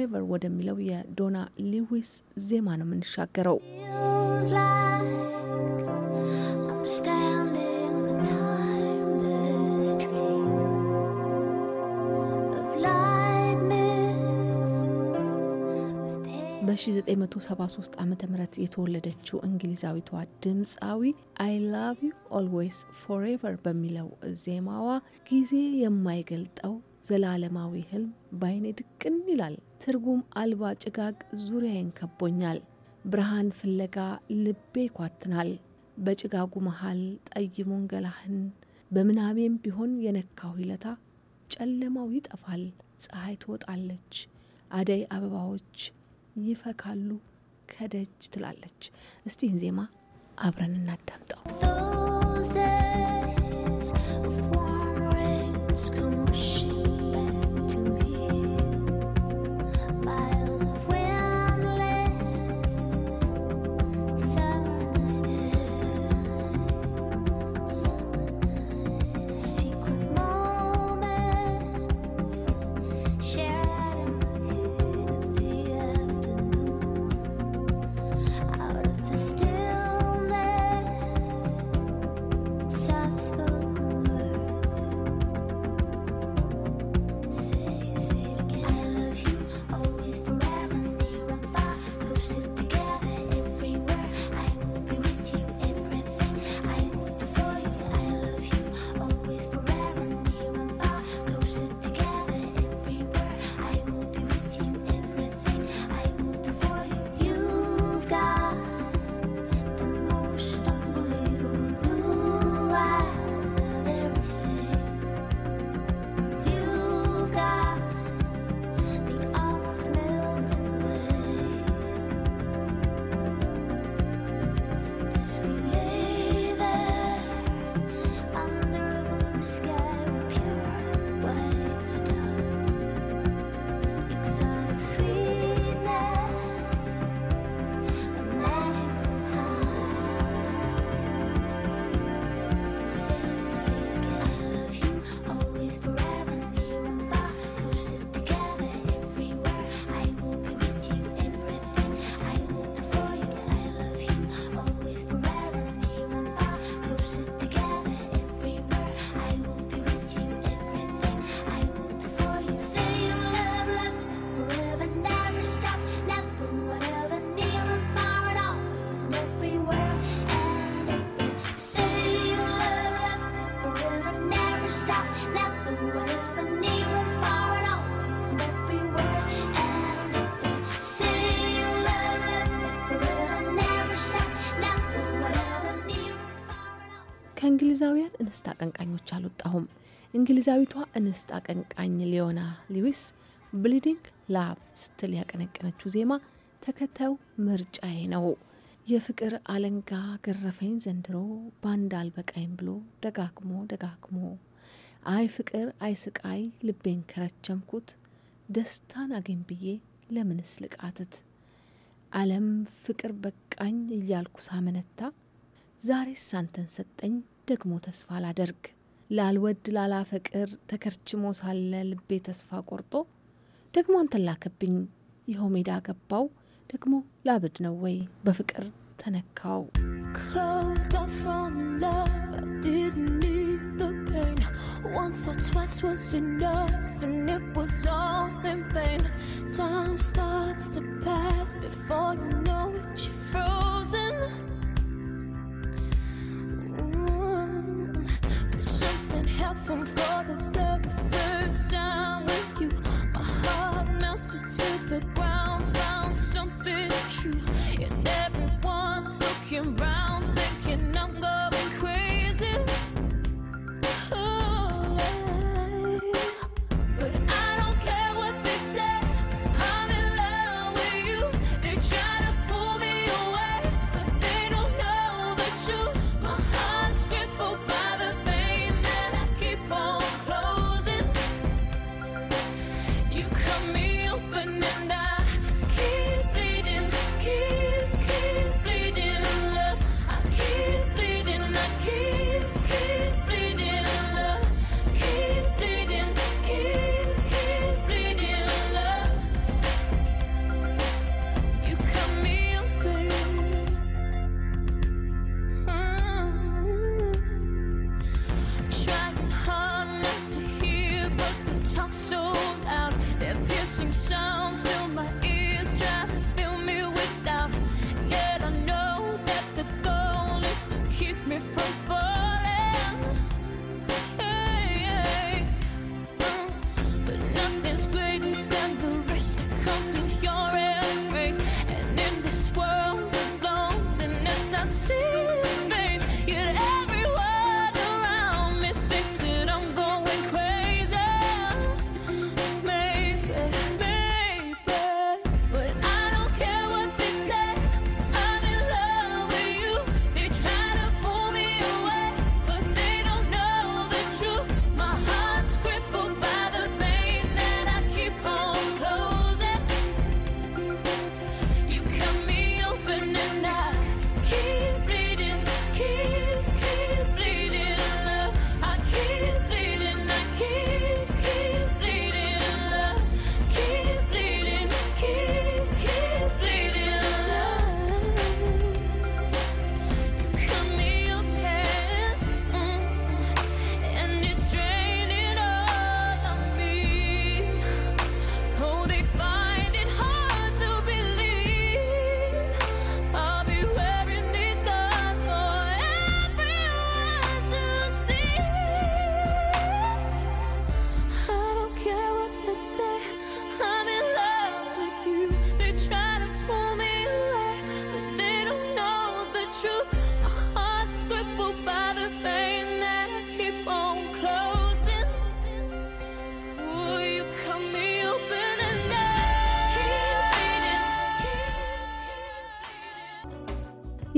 ኤቨር ወደሚለው የዶና ሊዊስ ዜማ ነው የምንሻገረው። 1973 ዓ ም የተወለደችው እንግሊዛዊቷ ድምፃዊ አይ ላቭ ዩ ኦልዌይስ ፎሬቨር በሚለው ዜማዋ ጊዜ የማይገልጠው ዘላለማዊ ህልም በአይኔ ድቅን ይላል። ትርጉም አልባ ጭጋግ ዙሪያዬን ከቦኛል። ብርሃን ፍለጋ ልቤ ይኳትናል። በጭጋጉ መሃል ጠይሙን ገላህን በምናቤም ቢሆን የነካው ይለታ ጨለማው ይጠፋል። ፀሐይ ትወጣለች። አደይ አበባዎች ይፈካሉ ከደጅ ትላለች። እስቲ ዜማ አብረን እናዳምጠው። ከእንግሊዛውያን እንስት አቀንቃኞች አልወጣሁም። እንግሊዛዊቷ እንስት አቀንቃኝ ሊዮና ሊዊስ ብሊዲንግ ላቭ ስትል ያቀነቀነችው ዜማ ተከታዩ ምርጫዬ ነው። የፍቅር አለንጋ ገረፈኝ ዘንድሮ ባንድ አልበቃኝ ብሎ ደጋግሞ ደጋግሞ አይ ፍቅር አይ ስቃይ ልቤን ከረቸምኩት ደስታን አገኝ ብዬ ለምንስ ልቃትት ዓለም ፍቅር በቃኝ እያልኩ ሳመነታ ዛሬ ሳንተን ሰጠኝ ደግሞ ተስፋ ላደርግ ላልወድ ላላፈቅር ተከርችሞ ሳለ ልቤ ተስፋ ቆርጦ ደግሞ አንተ ላከብኝ ይኸው ሜዳ ገባው ደግሞ ላብድ ነው ወይ በፍቅር ተነካው Once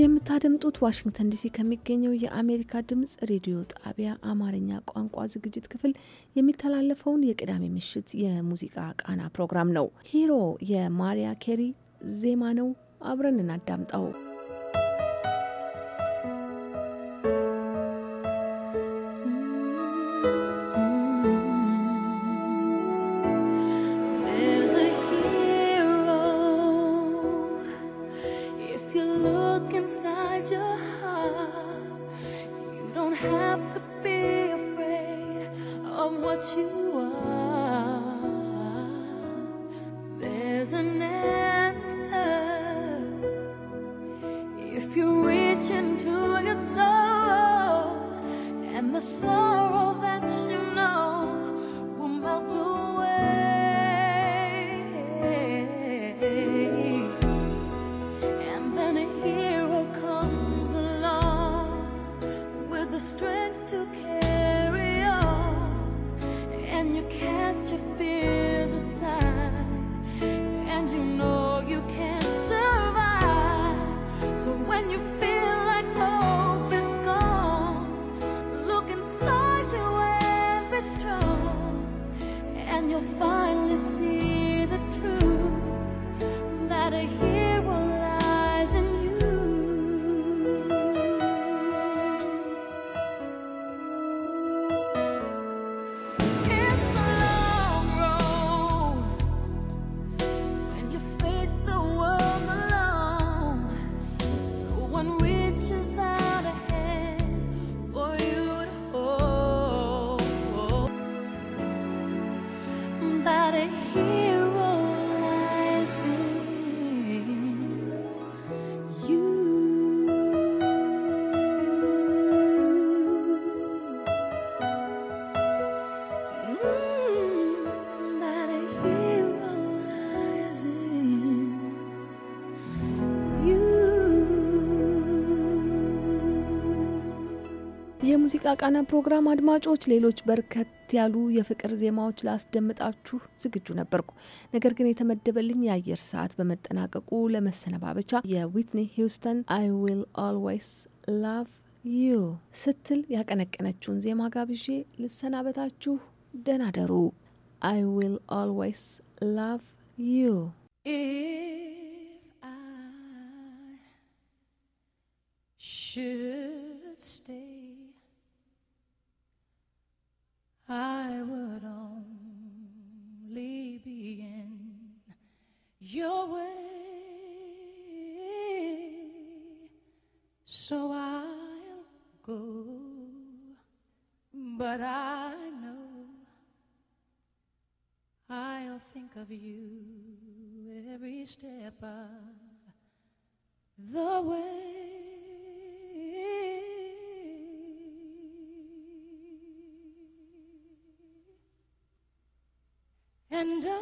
የምታደምጡት ዋሽንግተን ዲሲ ከሚገኘው የአሜሪካ ድምጽ ሬዲዮ ጣቢያ አማርኛ ቋንቋ ዝግጅት ክፍል የሚተላለፈውን የቅዳሜ ምሽት የሙዚቃ ቃና ፕሮግራም ነው። ሂሮ የማሪያ ኬሪ ዜማ ነው። አብረን እናዳምጠው። gotta hear. የሙዚቃ ቃና ፕሮግራም አድማጮች፣ ሌሎች በርከት ያሉ የፍቅር ዜማዎች ላስደምጣችሁ ዝግጁ ነበርኩ። ነገር ግን የተመደበልኝ የአየር ሰዓት በመጠናቀቁ ለመሰነባበቻ የዊትኒ ሂውስተን አይ ዊል ኦልዌይስ ላቭ ዩ ስትል ያቀነቀነችውን ዜማ ጋብዤ ልሰናበታችሁ። ደህና ደሩ። አይ ዊል ኦልዌይስ ላቭ ዩ If I should I would only be in your way. So I'll go, but I know I'll think of you every step of the way. And I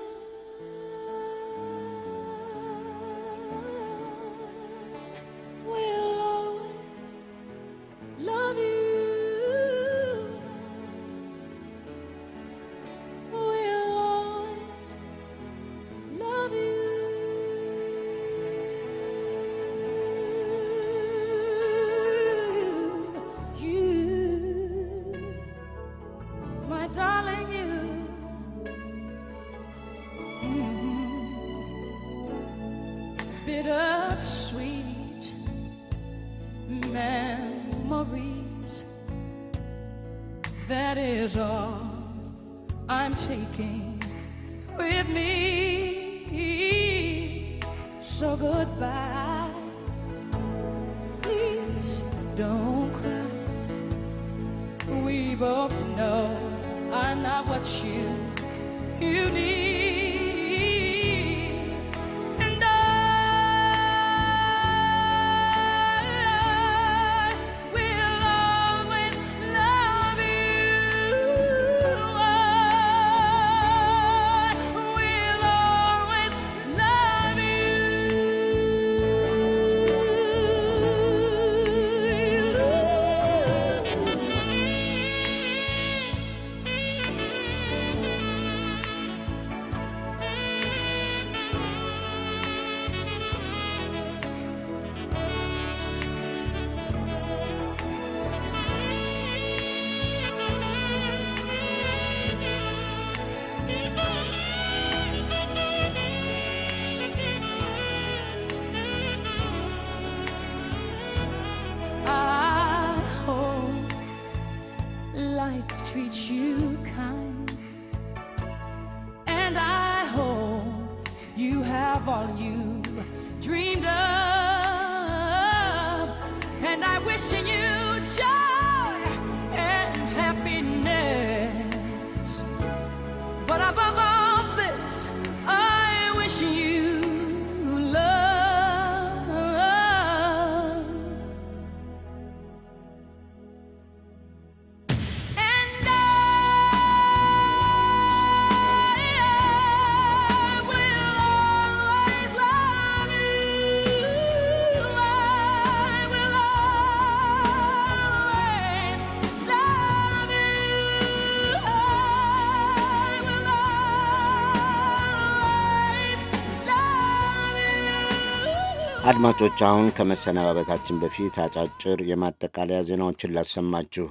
አድማጮች አሁን ከመሰነባበታችን በፊት አጫጭር የማጠቃለያ ዜናዎችን ላሰማችሁ።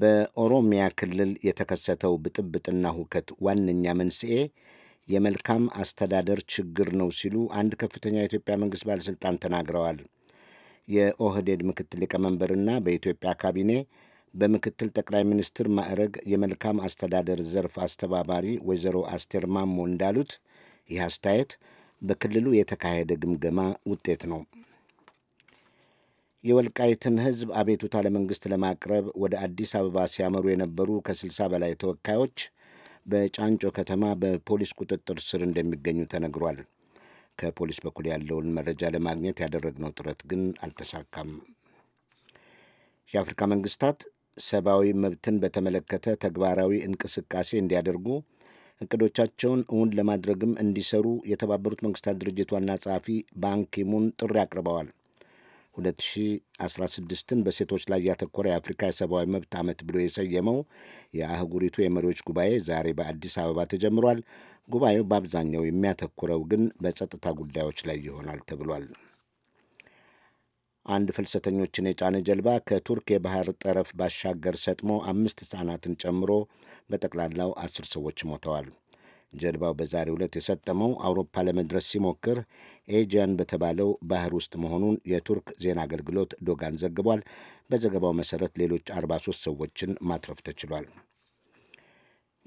በኦሮሚያ ክልል የተከሰተው ብጥብጥና ሁከት ዋነኛ መንስኤ የመልካም አስተዳደር ችግር ነው ሲሉ አንድ ከፍተኛ የኢትዮጵያ መንግሥት ባለሥልጣን ተናግረዋል። የኦህዴድ ምክትል ሊቀመንበርና በኢትዮጵያ ካቢኔ በምክትል ጠቅላይ ሚኒስትር ማዕረግ የመልካም አስተዳደር ዘርፍ አስተባባሪ ወይዘሮ አስቴር ማሞ እንዳሉት ይህ አስተያየት በክልሉ የተካሄደ ግምገማ ውጤት ነው። የወልቃይትን ሕዝብ አቤቱታ ለመንግሥት ለማቅረብ ወደ አዲስ አበባ ሲያመሩ የነበሩ ከስልሳ በላይ ተወካዮች በጫንጮ ከተማ በፖሊስ ቁጥጥር ስር እንደሚገኙ ተነግሯል። ከፖሊስ በኩል ያለውን መረጃ ለማግኘት ያደረግነው ጥረት ግን አልተሳካም። የአፍሪካ መንግስታት ሰብአዊ መብትን በተመለከተ ተግባራዊ እንቅስቃሴ እንዲያደርጉ እቅዶቻቸውን እውን ለማድረግም እንዲሰሩ የተባበሩት መንግስታት ድርጅት ዋና ጸሐፊ ባንኪሙን ጥሪ አቅርበዋል። 2016ን በሴቶች ላይ ያተኮረ የአፍሪካ የሰብአዊ መብት ዓመት ብሎ የሰየመው የአህጉሪቱ የመሪዎች ጉባኤ ዛሬ በአዲስ አበባ ተጀምሯል። ጉባኤው በአብዛኛው የሚያተኩረው ግን በጸጥታ ጉዳዮች ላይ ይሆናል ተብሏል። አንድ ፍልሰተኞችን የጫነ ጀልባ ከቱርክ የባህር ጠረፍ ባሻገር ሰጥሞ አምስት ሕፃናትን ጨምሮ በጠቅላላው አስር ሰዎች ሞተዋል። ጀልባው በዛሬ ዕለት የሰጠመው አውሮፓ ለመድረስ ሲሞክር ኤጂያን በተባለው ባህር ውስጥ መሆኑን የቱርክ ዜና አገልግሎት ዶጋን ዘግቧል። በዘገባው መሠረት ሌሎች 43 ሰዎችን ማትረፍ ተችሏል።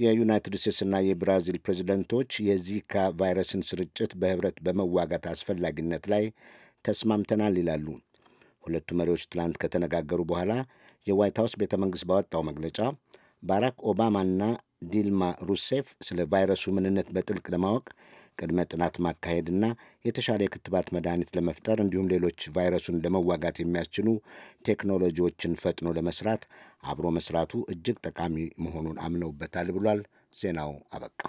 የዩናይትድ ስቴትስና የብራዚል ፕሬዚደንቶች የዚካ ቫይረስን ስርጭት በህብረት በመዋጋት አስፈላጊነት ላይ ተስማምተናል ይላሉ። ሁለቱ መሪዎች ትላንት ከተነጋገሩ በኋላ የዋይት ሀውስ ቤተ መንግሥት ባወጣው መግለጫ ባራክ ኦባማና ዲልማ ሩሴፍ ስለ ቫይረሱ ምንነት በጥልቅ ለማወቅ ቅድመ ጥናት ማካሄድና የተሻለ የክትባት መድኃኒት ለመፍጠር እንዲሁም ሌሎች ቫይረሱን ለመዋጋት የሚያስችሉ ቴክኖሎጂዎችን ፈጥኖ ለመስራት አብሮ መስራቱ እጅግ ጠቃሚ መሆኑን አምነውበታል ብሏል። ዜናው አበቃ።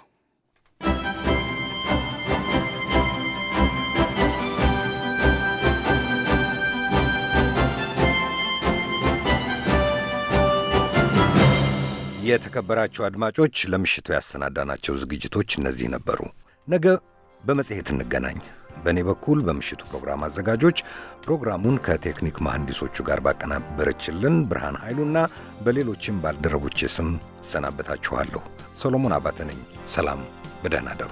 የተከበራችሁ አድማጮች ለምሽቱ ያሰናዳናቸው ዝግጅቶች እነዚህ ነበሩ። ነገ በመጽሔት እንገናኝ። በእኔ በኩል በምሽቱ ፕሮግራም አዘጋጆች ፕሮግራሙን ከቴክኒክ መሐንዲሶቹ ጋር ባቀናበረችልን ብርሃን ኃይሉና በሌሎችም ባልደረቦች ስም እሰናበታችኋለሁ። ሰሎሞን አባተ ነኝ። ሰላም፣ በደህና አደሩ።